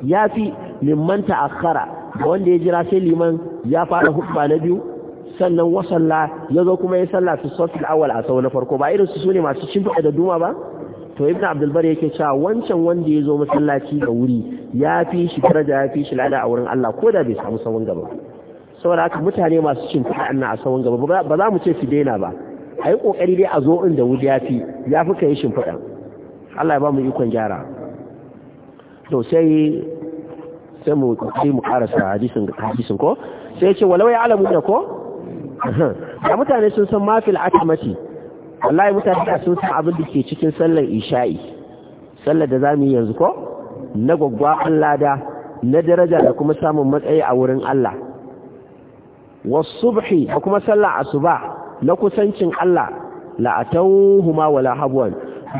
yafi mimman ta'akhkhara da wanda ya jira sai liman ya fara hutba na biyu sannan wasalla ya zo kuma ya salla fi sofil awal a sau na farko ba irin su ne masu cin da duma ba to ibn abdulbar yake cewa wancan wanda ya zo masallaci da wuri ya fi shi daraja ya fi shi lada a wurin Allah ko da bai samu sabon gaba saboda haka mutane masu cin annan a sabon gaba ba za mu ce su daina ba a kokari dai a zo inda wuri ya fi ya fi ka yi shimfiɗa Allah ya ba mu ikon gyara to sai sai mu sai mu karasa hadisin hadisin ko sai yace walau ya alamu da ko da mutane sun san mafil atmati wallahi mutane da sun san abin da ke cikin sallar isha'i sallar da zamu yi yanzu ko na gwaggwa Allah da na daraja da kuma samun matsayi a wurin Allah wasubhi da kuma sallar asuba na kusancin Allah la'atawhuma wala habwan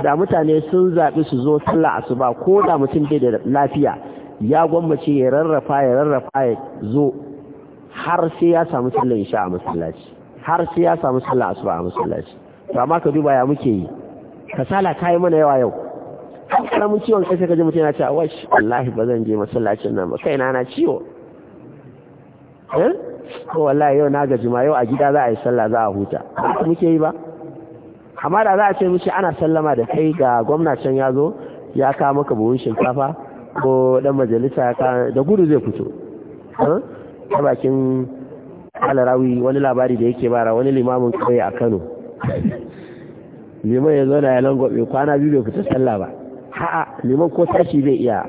da mutane sun zaɓi su zo sallar asuba ko da mutum bai da lafiya ya gwammace ya rarrafa ya rarrafa ya zo har sai ya samu sallar isha a masallaci har sai ya samu sallar asuba a masallaci to amma ka duba ya muke yi kasala ka yi mana yawa yau kana mun ciwon kai sai ka ji mutum yana cewa wash wallahi ba zan je masallacin nan ba kaina na ciwo eh ko wallahi yau na gaji ma yau a gida za a yi sallah za a huta ba muke yi ba amma da za a ce mishi ana sallama da kai ga gwamnatin ya zo ya kawo maka buhun shinkafa ko dan majalisa ka da gudu zai fito ta bakin alarawi wani labari da yake bara wani limamin kai a kano liman ya zo na yalan gobe kwana biyu bai fita sallah ba ha'a liman ko tashi zai iya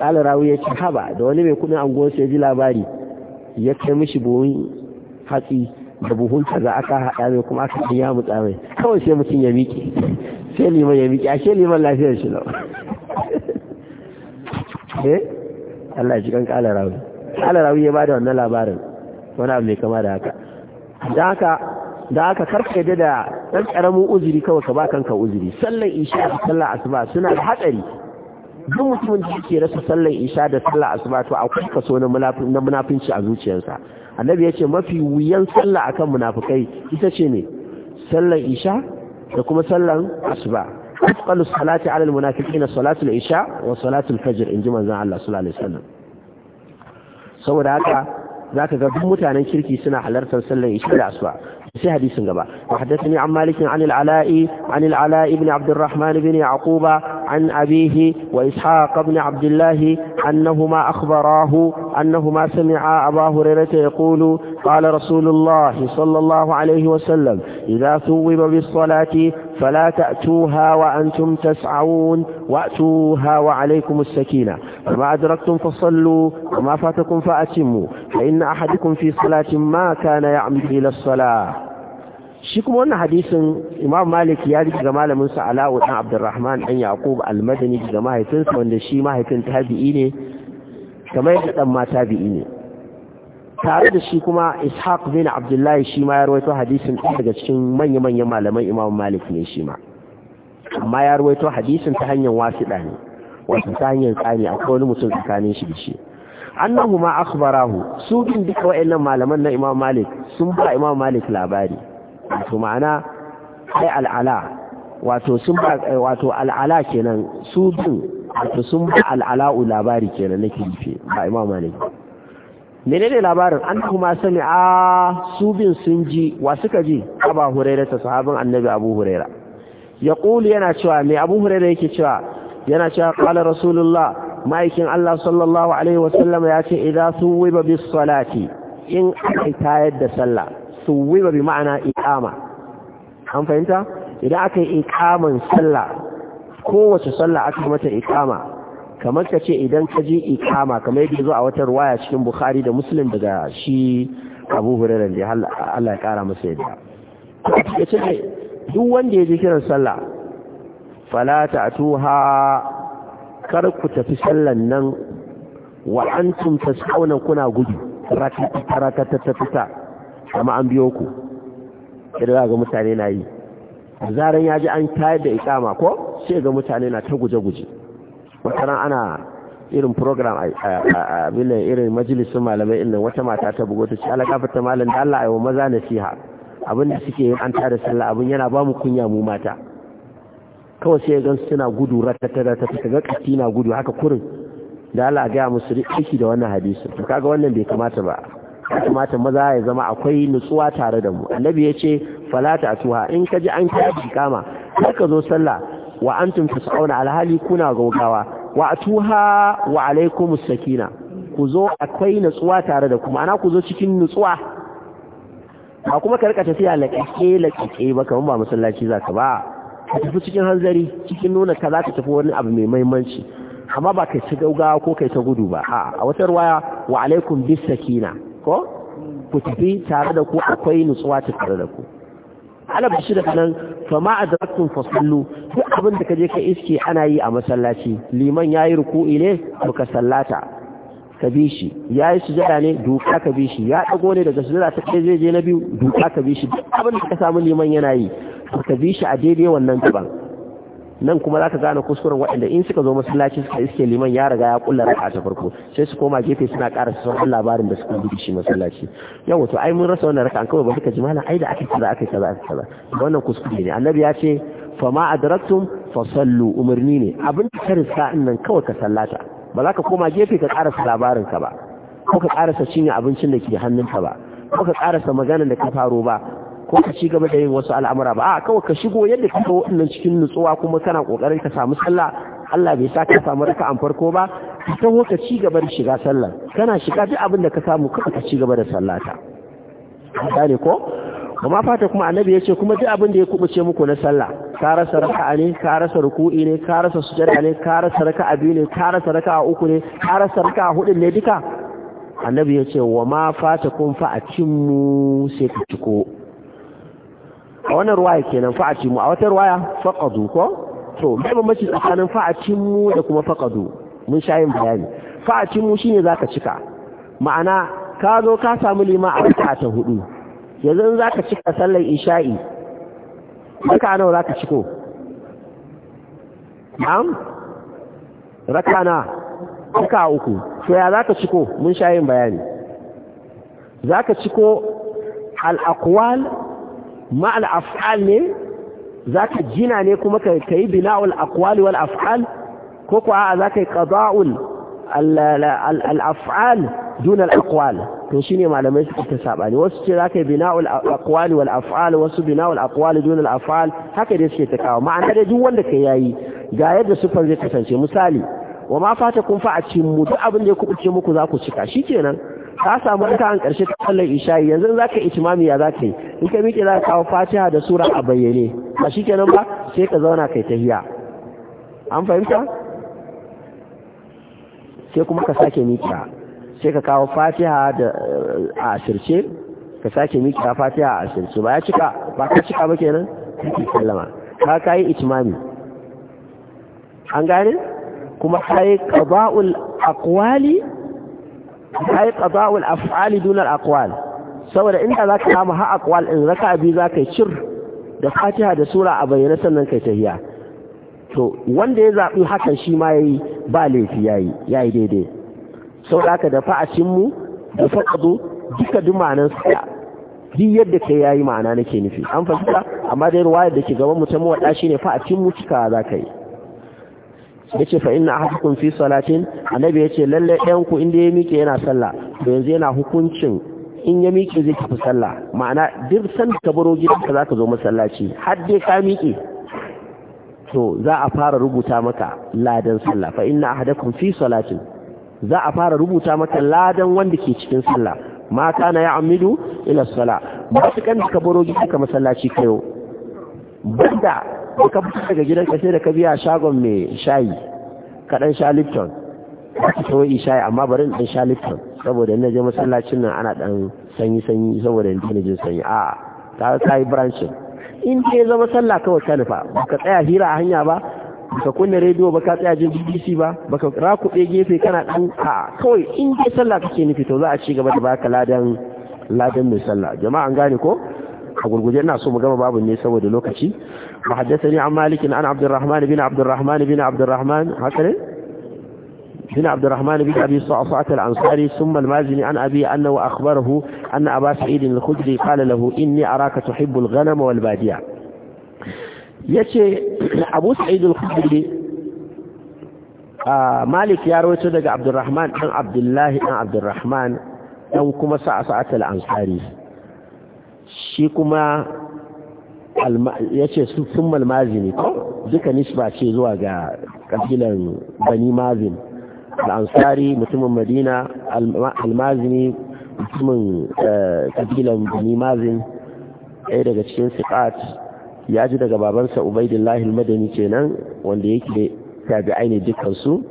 alarawi ya ci haba da wani mai kudin angon sai ji labari ya kai mishi buhun hatsi da buhun kaza aka haɗa mai kuma aka ya mutsa mai kawai sai mutum ya miƙe sai liman ya miƙe ashe liman lafiyar shi lau eh Allah ji kan kala rawi kala rawi ya bada wannan labarin wani abu mai kama da haka da haka da haka karka da da dan karamin uzuri kawai ka ba kanka uzuri sallar isha da sallar asuba suna da hatsari duk mutumin da yake rasa sallar isha da sallar asuba to akwai kaso na munafinci a zuciyarsa annabi yace mafi wuyan sallah akan munafikai ita ce ne sallar isha da kuma sallar asuba asqalu salati ala almunafiqina salatu al-isha wa salatu al-fajr inji manzon Allah sallallahu alaihi wasallam saboda haka zaka ga duk mutanen kirki suna halartar sallar isha da asuba في حديث قبل وحدثني عن مالك عن العلاء عن العلاء بن عبد الرحمن بن يعقوب عن أبيه وإسحاق بن عبد الله أنهما أخبراه أنهما سمعا أبا هريرة يقول قال رسول الله صلى الله عليه وسلم إذا ثوب بالصلاة فلا تأتوها وأنتم تسعون وأتوها وعليكم السكينة فما أدركتم فصلوا وما فاتكم فأتموا فإن أحدكم في صلاة ما كان يعمد إلى الصلاة shi kuma wannan hadisin imam malik ya rike ga malaminsa ala'u ɗan abdurrahman ɗan yaqub almadani ga mahaifinsa wanda shi mahaifin tabi'i ne kamar yadda ɗan ma tabi'i ne tare da shi kuma ishaq bin abdullahi shi ma ya rawaito hadisin daga cikin manya-manyan malaman imam malik ne shi ma amma ya rawaito hadisin ta hanyar wasiɗa ne wato ta hanyar tsani akwai wani mutum tsakanin shi da shi annahu ma akhbarahu su din duka wa'annan malaman na imam malik sun ba imam malik labari wato ma'ana ai al'ala wato sun ba eh, wato al'ala kenan su bin wato sun ba al'ala'u labari kenan nake nufi ba imam malik menene labarin an kuma sani, a su bin sun ji wa suka ji aba hurairah ta sahabin annabi abu huraira ya kuli yana cewa mai abu hurairah yake cewa yana cewa qala rasulullah ma'aikin allah sallallahu alaihi wasallam ya ce idan sun bis salati in aka tayar da sallah suwiba bi ma'ana iqama an fahimta idan aka yi iqaman sallah kowace sallah aka mata iqama kamar ka ce idan ka ji iqama kamar yadda zo a wata ruwaya cikin bukhari da muslim daga shi abu hurairah da Allah ya kara masa yadda ya ce duk wanda ya ji kiran sallah fala ta'tuha kar ku tafi sallan nan wa antum tasqawna kuna gudu rakata rakata amma an biyo ku idan za ga mutane na yi zaran ya ji an tayar da ikama ko sai ga mutane na ta guje-guje wataran ana irin program a binan irin majalisun malamai inda wata mata ta bugo ta ce alaƙafar ta malam da Allah aiwa maza na nasiha abin da suke yin an tada sallah abin yana ba mu kunya mu mata kawai sai gan suna gudu ratatata ta ga kati na gudu haka kurin da Allah ga musu riki da wannan hadisi to kaga wannan bai kamata ba ya kamata maza ya zama akwai nutsuwa tare da mu annabi yace falata tuha in kaji an kai kama ka zo sallah wa antum ala alhali kuna gaugawa wa atuha wa alaikumus sakina ku zo akwai nutsuwa tare da kuma ana ku zo cikin nutsuwa ba kuma ka rika tafiya laƙaƙe laƙaƙe ba kamar ba masallaci za ka ba ka tafi cikin hanzari cikin nuna ka za ka tafi wani abu mai mahimmanci amma ba kai ta gaugawa ko kai ta gudu ba a wata ruwaya wa alaikum bis sakina ko ku tafi tare da ku akwai nutsuwa ta tare da ku alab shi da nan fa ma adrakum fasallu duk abin da ka je ka iske ana yi a masallaci liman yayi ruku'i ne muka sallata ka bi shi yayi sujada ne duka ka bi shi ya dago ne daga sujada ta kai zai je na biyu duka ka bi shi duk abin da ka samu liman yana yi ka bi shi a daidai wannan gaban nan kuma za ka gane kuskuren waɗanda in suka zo masallaci suka iske liman ya riga ya kulla raka ta farko sai su koma gefe suna ƙara son labarin da suka gudu shi masallaci Yau to ai mun rasa wannan raka'an kawai ba suka ji malam ai da aka kaza aka kaza aka kaza wannan kuskure ne annabi ya ce fa ma adraktum fa sallu umarni ne abin da ka in nan kawai ka sallata ba za ka koma gefe ka ƙarasa labarin ka ba ko ka ƙarasa cinye abincin da ke hannunka ba ko ka sa maganar da ka faro ba ko ka ci gaba da yin wasu al'amura ba a kawai ka shigo yadda ka ga wannan cikin nutsuwa kuma kana kokarin ka samu sallah Allah bai sa ka samu raka'an farko ba ka taho ka ci gaba da shiga sallah kana shiga duk abin da ka samu kuma ka ci gaba da sallata gane ko amma fata kuma annabi yace ce kuma duk abin da ya kubuce muku na sallah ka rasa raka'a ne ka rasa ruku'i ne ka rasa sujada ne ka rasa raka'a biyu ne ka rasa raka'a uku ne ka rasa raka'a hudu ne duka annabi ya ce wa ma fata kun fa a cinmu sai ku ciko a wannan ruwaya kenan mu a wata ruwaya faqadu ko to mai mace tsakanin mu da kuma faqadu mun sha yin bayani mu shine zaka cika ma'ana ka zo ka samu lima a raka'a ta hudu yanzu in zaka cika sallar isha'i raka'a nawa zaka ciko na'am rakana na raka'a uku to ya zaka ciko mun sha yin bayani zaka ciko al-aqwal ma'al af'al ne za ka gina ne kuma ka yi bina'ul akwali wal af'al ko kuwa za ka yi ƙaza'ul al'af'al dunar akwal to shi ne malamai su ta ne, wasu ce za ka yi bina'ul akwali wal af'al wasu bina'ul akwali dunar af'al haka dai suke ta kawo ma'ana da duk wanda ka yayi ga yadda sufan zai kasance misali wa ma fata kun fa a mu duk abin da ya kuɓuce muku za ku cika shi kenan ka samu raka an karshe ta sallar isha'i yanzu za ka itimami ya za ka yi in ka miƙe za ka kawo fatiha da sura a bayyane a shi kenan ba sai ka zauna kai tahiya an fahimta sai kuma ka sake miƙa sai ka kawo fatiha da a asirce ka sake miƙa fatiha a asirce ba ya cika ba ka cika ba kenan kake sallama ka kai itimami an gane kuma kayi qada'ul aqwali ai qada'ul af'ali duna al aqwal saboda inda zaka samu ha aqwal in raka bi zaka yi cir da fatiha da sura a bayyana sannan kai tahiya to wanda ya zabi hakan shi ma yayi ba laifi yayi yayi daidai saboda haka da fa'acin mu da faqdu duka dumanan sa yadda kai yayi ma'ana nake nufi an fahimta amma dai ruwayar da ke gaban mu ta mu wada shine fa'acin mu cika zaka yi yace fa inna ahadukum fi salatin annabi yace lalle ɗayan ku inda ya miƙe yana sallah to yanzu yana hukuncin in ya miƙe zai tafi sallah ma'ana duk san ka baro gidanka zaka zo masallaci har dai ka miƙe to za a fara rubuta maka ladan sallah fa inna ahadakum fi salatin za a fara rubuta maka ladan wanda ke cikin sallah ma kana ya amidu ila sala ba su kan ka baro gidanka masallaci kayo banda ka fita daga gidan sai da ka biya shagon mai shayi kaɗan sha lipton ka so yi shayi amma barin ɗan sha lipton saboda ina je masallacin nan ana ɗan sanyi-sanyi saboda in tana jin sanyi a ta ta yi branchin in ce ya zama sallah kawai ka nufa ba ka tsaya hira a hanya ba ka kunna rediyo ba ka tsaya jin bbc ba ba ka rakuɓe gefe kana ɗan a kawai in ce sallah kake nufi to za a ci gaba da baka ladan ladan mai sallah jama'a an gane ko a gurguje ina so mu gama babu ne saboda lokaci وحدثني عن مالك عن عبد الرحمن بن عبد الرحمن بن عبد الرحمن هكذا بن عبد الرحمن بن أبي صعصعة الأنصاري ثم المازني عن أبي أنه أخبره أن أبا سعيد الخدري قال له إني أراك تحب الغنم والبادية يتي أبو سعيد الخدري آه مالك يا رويته دقى عبد الرحمن عن عبد الله عن عبد الرحمن ɗan kuma sa'asa'ata al'ansari shi kuma ya ce sun malmazini duka nisba ce zuwa ga ƙabilan bani mazin al'ansari mutumin madina almazini mutumin ƙabilan eh, bani mazin ɗaya daga cikin sikat ya ji daga babansa lahil madani kenan wanda yake bi aini dukansu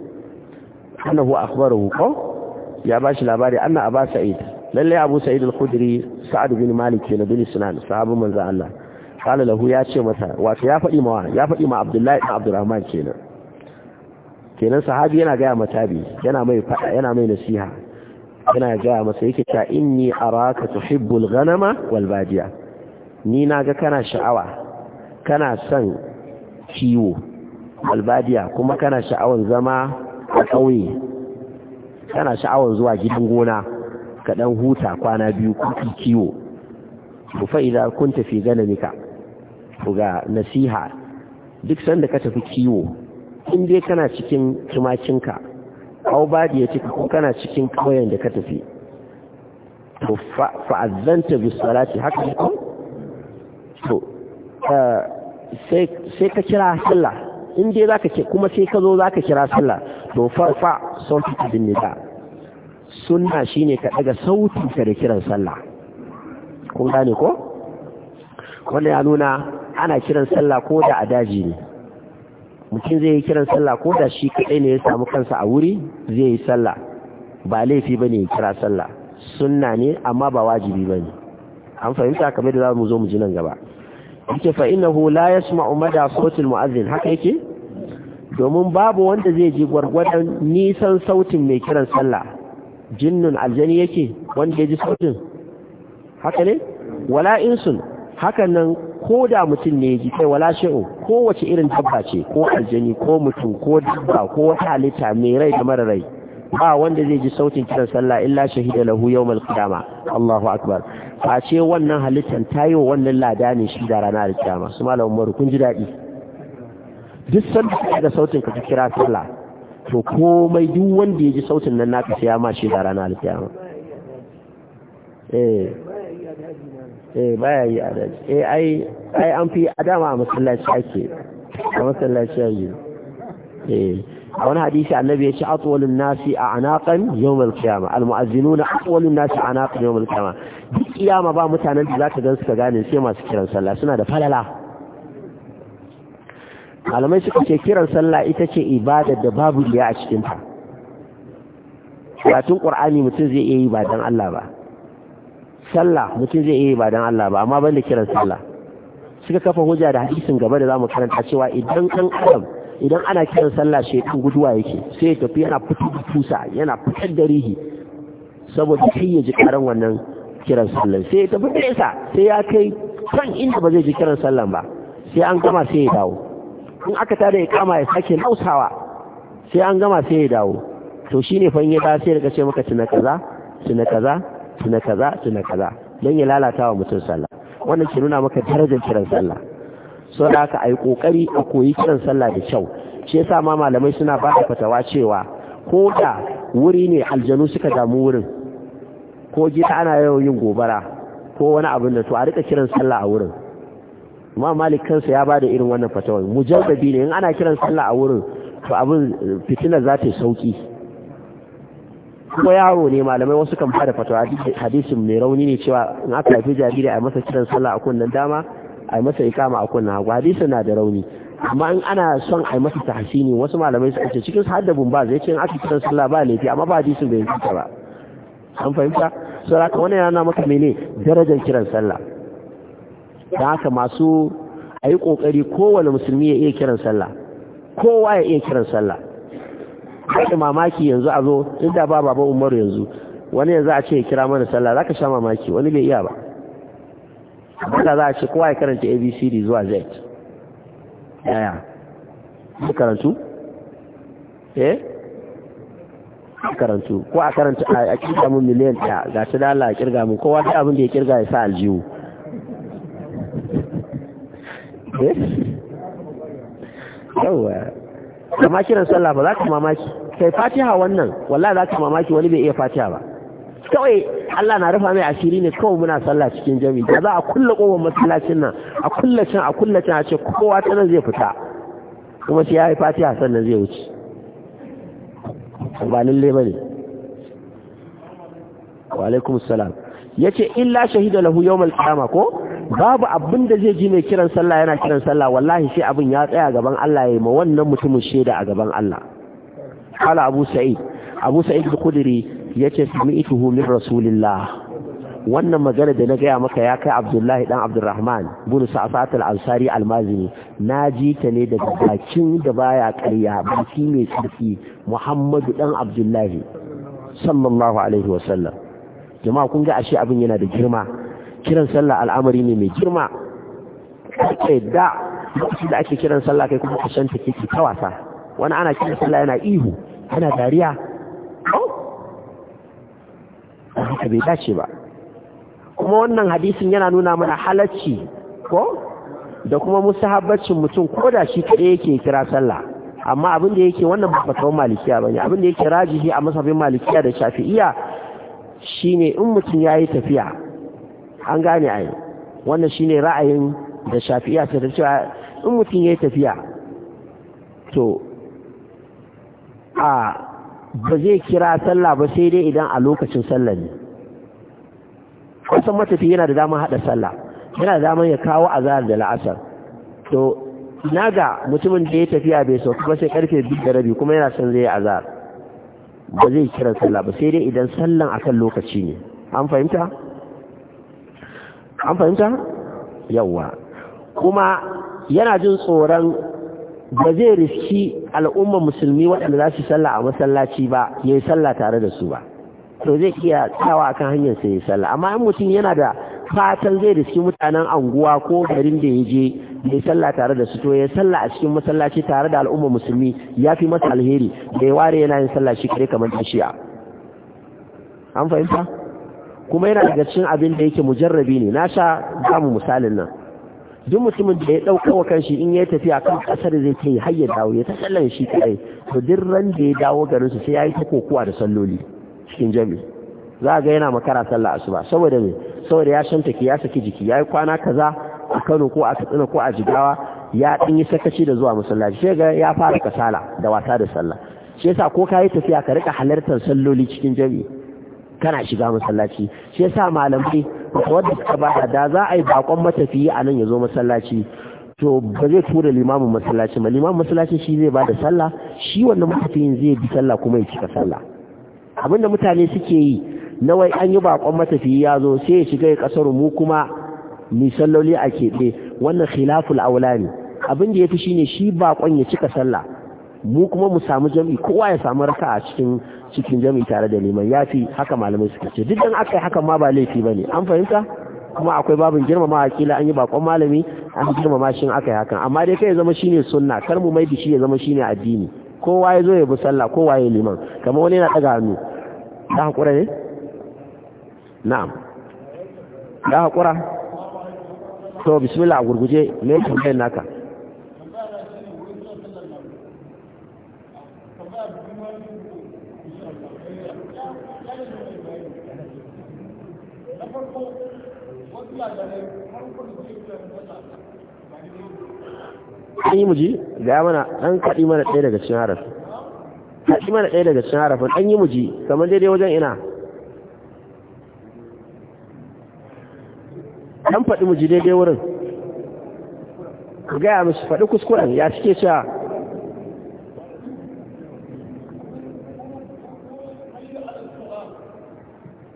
annahu akhbarahu ko ya ba shi labari anna abu sa'id lallai abu sa'id al-khudri sa'ad bin malik ne bin sunan, sahabu manzo Allah kala lahu ya ce masa wato ya faɗi ma ya faɗi ma abdullahi ibn abdurrahman kenan kenan sahabi yana gaya matabi yana mai fada yana mai nasiha yana gaya masa yake ta inni araka tuhibbul ghanama wal badiya ni ga kana sha'awa kana son kiwo wal kuma kana sha'awan zama a ƙauye kana sha'awan zuwa gidan gona ka dan huta kwana biyu ku kiwo fa idza kunta fi ganamika ga nasiha duk sanda ka tafi kiwo in dai kana cikin tumakinka au badi ya cika ko kana cikin kauyen da ka tafi to fa'azzanta bi salati haka ko to eh, sai ka kira sallah in dai zaka ce kuma sai ka zo zaka kira sallah to fa fa sautin bin da sunna shine ka daga sautin ka da kiran sallah kun gane ko wannan ya nuna ana kiran sallah ko da a daji ne mutum zai yi kiran sallah ko da shi kaɗai ne ya samu kansa a wuri zai yi sallah ba laifi ba ne ya kira sallah sunna ne amma ba wajibi ba ne an fahimta kamar da za mu zo mu ji nan gaba yake fa hu la yasma umada sautil mu'azzin haka yake domin babu wanda zai ji gwargwadon nisan sautin mai kiran sallah jinnun aljani yake wanda ya ji sautin haka ne wala insun hakan nan ko da mutum ne ji kai wala shi'u kowace irin dabba ce ko aljani ko mutum ko dabba ko wata halitta mai rai da mara rai ba wanda zai ji sautin kiran sallah illa shahida lahu yawmal qiyama Allahu akbar ce wannan halittan tayo wannan lada ne shi da ranar kiyama su malam Umar kun ji dadi duk sanda da sautin ka kira sallah to komai duk wanda ya ji sautin nan naka sai ya ma shi da ranar kiyama eh eh baya yi a eh ai ai an fi adama a masallaci ake a masallaci yanzu. eh a wani hadisi annabi ya ce atwalun nasi a anaqan yawmal qiyama almu'azzinuna atwalun nasi a anaqan yawmal qiyama duk kiyama ba mutanen da zaka gan suka gane sai masu kiran sallah suna da falala malamai suka ce kiran sallah ita ce ibada da babu riya a cikin ta karatun qur'ani mutum zai iya yi ba dan Allah ba sallah mutum zai iya ba dan Allah ba amma ban da kiran sallah suka kafa hujja da hadisin gaba da zamu karanta cewa idan an adam idan ana kiran sallah shaytan guduwa yake sai ya tafi yana fito da tusa yana fitar da rihi saboda kai ya ji karan wannan kiran sallah sai ya tafi nesa sai ya kai kan inda ba zai ji kiran sallah ba sai an gama sai ya dawo in aka tada ya kama ya sake lausawa sai an gama sai ya dawo to shine fa in ya dawo sai ya ce maka tuna kaza tuna kaza tuna kaza tuna kaza don ya lalata wa mutum sallah wannan ke nuna maka darajar kiran sallah so da aka ai kokari a koyi kiran sallah da kyau shi yasa ma malamai suna ba da fatawa cewa ko da wuri ne aljanu suka damu wurin ko gida ana yawan yin gobara ko wani abin da to a rika kiran sallah a wurin ma malik kansa ya ba da irin wannan fatawa mujarrabi ne in ana kiran sallah a wurin to abin fitina za ta sauki ko yaro ne malamai wasu kan fara fatawa hadisin mai rauni ne cewa in aka haifi jariri a masa kiran sallah a kunnen dama a masa ikama a kunnan hagu hadisin na da rauni amma in ana son a masa tahsini wasu malamai suka ce cikin har da bumba zai ce in aka kiran sallah ba laifi amma ba hadisin bai yi ba an fahimta saboda haka wannan yana maka mene darajar kiran sallah da aka masu ayi yi ƙoƙari kowane musulmi ya iya kiran sallah kowa ya iya kiran sallah kai mamaki yanzu a zo inda ba baban umaru yanzu wani yanzu a ce ya kira mana sallah za ka sha mamaki wani bai iya ba wanda za a ce kowa ya karanta abcd zuwa z yaya su karantu eh karantu ko a karanta a kirga mun miliyan ɗaya ga su dala a kirga mun kowa ta abin da ya kirga ya sa aljihu eh yawa amma kiran sallah ba za ka mamaki kai fatiha wannan wallahi za ka mamaki wani bai iya fatiha ba kawai Allah na rufa mai asiri ne kawai muna sallah cikin jami da za a kulla kofar masallacin nan a kulla can a kulla can a ce kowa ta nan zai fita kuma sai ya fatiha sannan zai wuce ba lalle ba wa alaikum salam ya illa shahida lahu al qiyama ko babu abin da zai ji mai kiran sallah yana kiran sallah wallahi sai abin ya tsaya gaban Allah ya yi ma wannan mutumin sheda a gaban Allah qala abu sa'id abu sa'id al-khudri yace sami'tuhu min rasulillah wannan maganar da na gaya maka ya kai abdullahi dan abdurrahman bin sa'fat al-ansari al-mazini naji ta ne daga bakin da baya ƙarya baki mai tsarki muhammadu dan abdullahi sallallahu alaihi wasallam jama'a kun ga ashe abin yana da girma kiran sallah al'amari ne mai girma kai da lokacin da ake kiran sallah kai kuma kusanta kike ta wasa wani ana kiran sallah yana ihu ana dariya a haka bai dace ba kuma wannan hadisin yana nuna mana halacci ko da kuma musahabbacin mutum ko da shi kaɗai yake kira sallah amma abin da yake wannan ba malikiya ba bane abin da yake rajihi a masafin malikiya da shafi'iya shine in mutum ya yi tafiya an gane yi, wannan shine ra'ayin da shafi'iya ta cewa in mutum ya yi tafiya to a ba zai kira sallah ba sai dai idan a lokacin sallah ne kusan matafi yana da damar haɗa sallah yana da damar ya kawo azahar da la'asar to na ga mutumin da ya tafiya bai sauka kuma sai karfe biyu da rabi kuma yana son zai azahar ba zai kira sallah ba sai dai idan sallan akan lokaci ne an fahimta an fahimta yawwa kuma yana jin tsoron ba zai riski al'ummar musulmi waɗanda za su sallah a masallaci ba ya yi sallah tare da su ba to zai iya tsawa akan hanyar sai ya sallah amma in mutum yana da fatan zai riski mutanen anguwa ko garin da ya je ya salla tare da su to ya salla a cikin masallaci tare da al'ummar musulmi ya fi masa alheri da ya ware yana yin salla shi kare kamar tashiya an fahimta kuma yana daga cikin abin da yake mujarrabi ne na sha zamu misalin nan duk mutumin da ya ɗauka wa kanshi in ya tafiya akan ƙasar zai kai har ya dawo ya ta tsallan shi kai to duk ran da ya dawo garin su sai ya yi ta kokuwa da salloli cikin jami za ga yana makara sallah asuba saboda me saboda ya san ki ya saki jiki ya yi kwana kaza a Kano ko a Katsina ko a Jigawa ya ɗan yi sakaci da zuwa masallaci sai ga ya fara kasala da wasa da sallah shi yasa ko ka yi tafiya ka rika halartar salloli cikin jam'i kana shiga masallaci shi yasa malamai wadda suka bada da za a yi bakon matafiya a nan ya zo masallaci to ba zai tura limamin masallaci ba limamin masallaci shi zai da sallah shi wannan matafiyin zai bi sallah kuma ya cika sallah abinda mutane suke yi na wai an yi bakon matafiyi ya zo sai ya shiga ya kasar mu kuma mi salloli a keɓe wannan khilaful aula ne abin da ya fi shine shi bakon ya cika sallah mu kuma mu samu jam'i kowa ya samu raka a cikin cikin jami'i tare da liman ya fi haka malamai suka ce duk dan aka yi hakan ma ba laifi ba ne an fahimta kuma akwai babin girmama kila an yi bakon malami an girmama shi aka yi hakan amma dai kai ya zama shine sunna kar mu mai da shi ya zama shine addini kowa ya zo ya bi sallah kowa ya liman kamar wani yana daga hannu da hakura ne na'am da hakura to bismillah a gurguje me tambayar naka ga mana an kaɗi mana ɗaya daga cin harafi kaɗi mana ɗaya daga cin harafin an yi muji kamar daidai wajen ina an faɗi muji daidai wurin gaya musu faɗi kuskuren ya cike cewa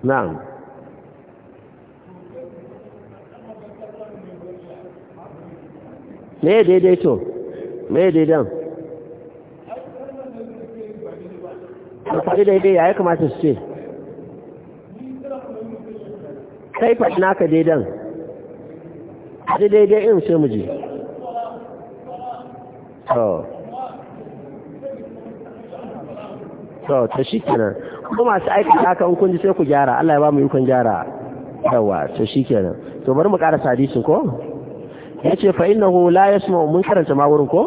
na'am ne daidaito Mai daidan a faɗi daidai ya yi kamata su ce kai faɗi naka daidan faɗi daidai in sai mu je to ta shi kenan kuma masu aikata haka in kun ji sai ku gyara Allah ya ba mu yi kun gyara yawa ta shi kenan to bari mu ƙara sadisin ko Yace ce fa ina hu la ya mun karanta ma wurin ko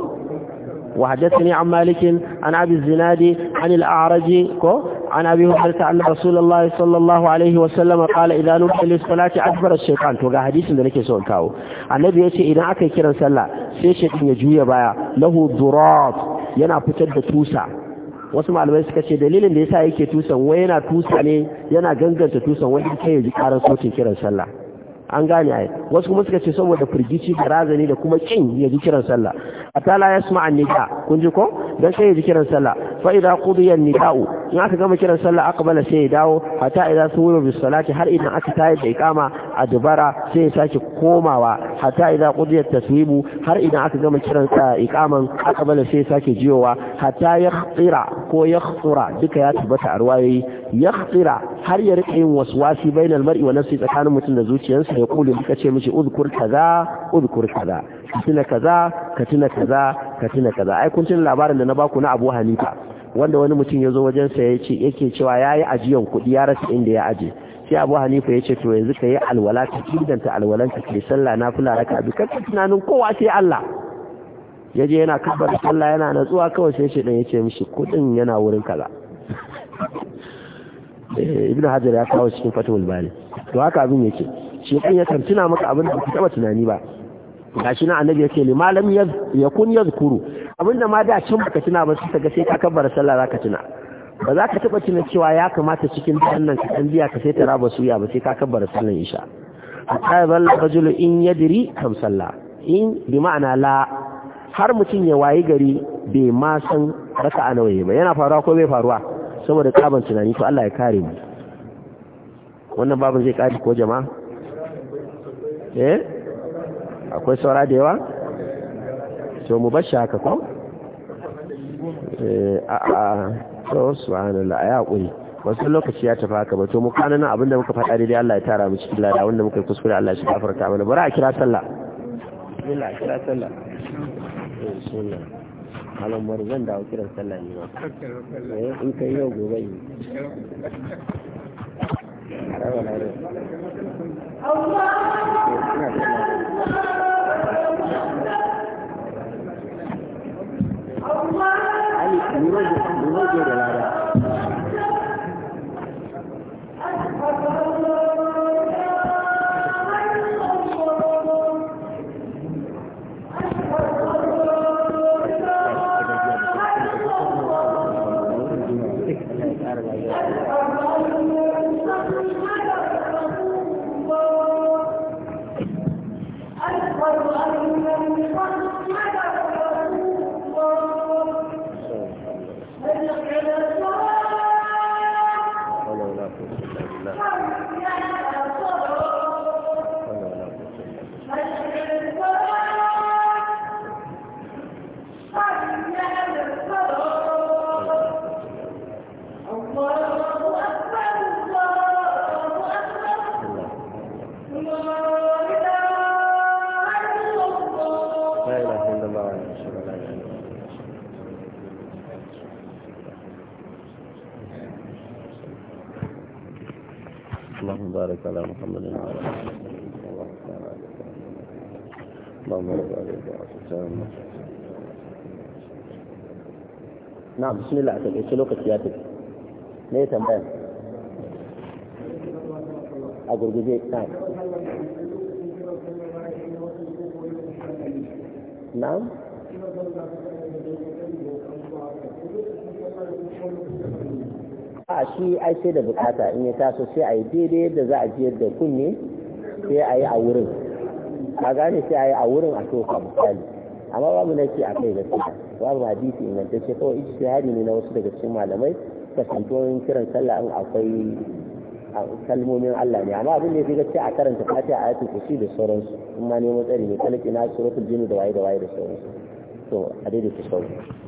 wa hadasta an malikin an abi zinadi an ilaraji ko an abi hukarta na rasulallah sallallahu alaihi wasallama kala idanu kalis kula ce a jifar to ga hadisun da nake son kawo annabi ya ce idan aka yi kiran sallah sai shekin ya juya baya lahu durat yana fitar da tusa wasu malamai suka ce dalilin da ya sa yake tusan wai yana tusa ne yana ganganta tusan wani kai ya ji karar sokin kiran sallah an gane ai wasu kuma suka ce saboda firgici da razani da kuma kin ya ji kiran sallah atala yasma an nika kun ji ko dan sai ya ji kiran sallah fa idza qudiya an in aka gama kiran sallah aqbala sai ya dawo hatta idza suwira bis salati har idan aka tayar da iqama a dubara sai ya sake komawa hatta idza qudiya taswibu har idan aka gama kiran iqaman aqbala sai ya sake jiyowa hatta yakhira ko yakhura duka ya tabbata a ruwayoyi har ya rike yin waswasi bainal mar'i wa nafsi tsakanin mutum da zuciyarsa ya kulu duka ce mishi udkur kaza ka tuna kaza ka tuna kaza ka tuna kaza ai kun tuna labarin da na baku na Abu Hanifa wanda wani mutum ya zo wajen sa yace yake cewa yayi ajiyan kuɗi ya rasa inda ya aje sai Abu Hanifa yace to yanzu ka yi alwala ka kidanta alwalan ka ke sallah na fula raka bi kar tunanin kowa sai Allah yaje yana kabbar sallah yana natsuwa kawai sai shi dan yace mishi kuɗin yana wurin kaza eh, ibn hajar ya kawo cikin fatawul bari to haka abin yake shi kan ya tantuna maka abin da ka taba tunani ba gashi nan annabi yake ne malam yakun yazkuru abinda ma da cin baka tuna ba sai ga sai ka kabbara sallah zaka tuna ba za ka taba tuna cewa ya kamata cikin wannan ka biya ka sai ta raba suya ba sai ka kabbara sallan isha hatta balla rajul in yadri kam sallah. in bi ma'ana la har mutum ya wayi gari bai ma san a nawa ba yana faruwa ko bai faruwa saboda tsaban tunani to Allah ya kare mu wannan babu zai kare ko jama'a eh akwai saura da yawa to mu bashi haka ko eh, a a to subhanallah ya hakuri wasu lokaci ya tafi haka ba to mu kana nan abinda muka faɗa daidai Allah ya tara mu cikin lada wanda muka kuskure Allah shi gafarta mana bari a kira sallah bismillah kira sallah bismillah malam mar zan dawo kiran sallah ne ba eh, in kai yau gobe ne Allah na bismillah a taƙaice lokaci ya tafi yi tambaya a gurguje na na'am a shi ai sai da bukata in ya taso sai a yi daidai yadda za a ji yadda kunne sai a yi a wurin a gane sai a yi a wurin a toka misali amma babu ce a kai gaskiya babu hadisi ingantacce kawai ijtihadi ne na wasu daga cikin malamai kasantuwan kiran sallah in akwai kalmomin Allah ne amma abin da yake gaske a karanta fatiha ayatul kursi da sauransu in ma neman tsari ne kalki na suratul jini da waye da waye da sauransu to a daidaita ku sauransu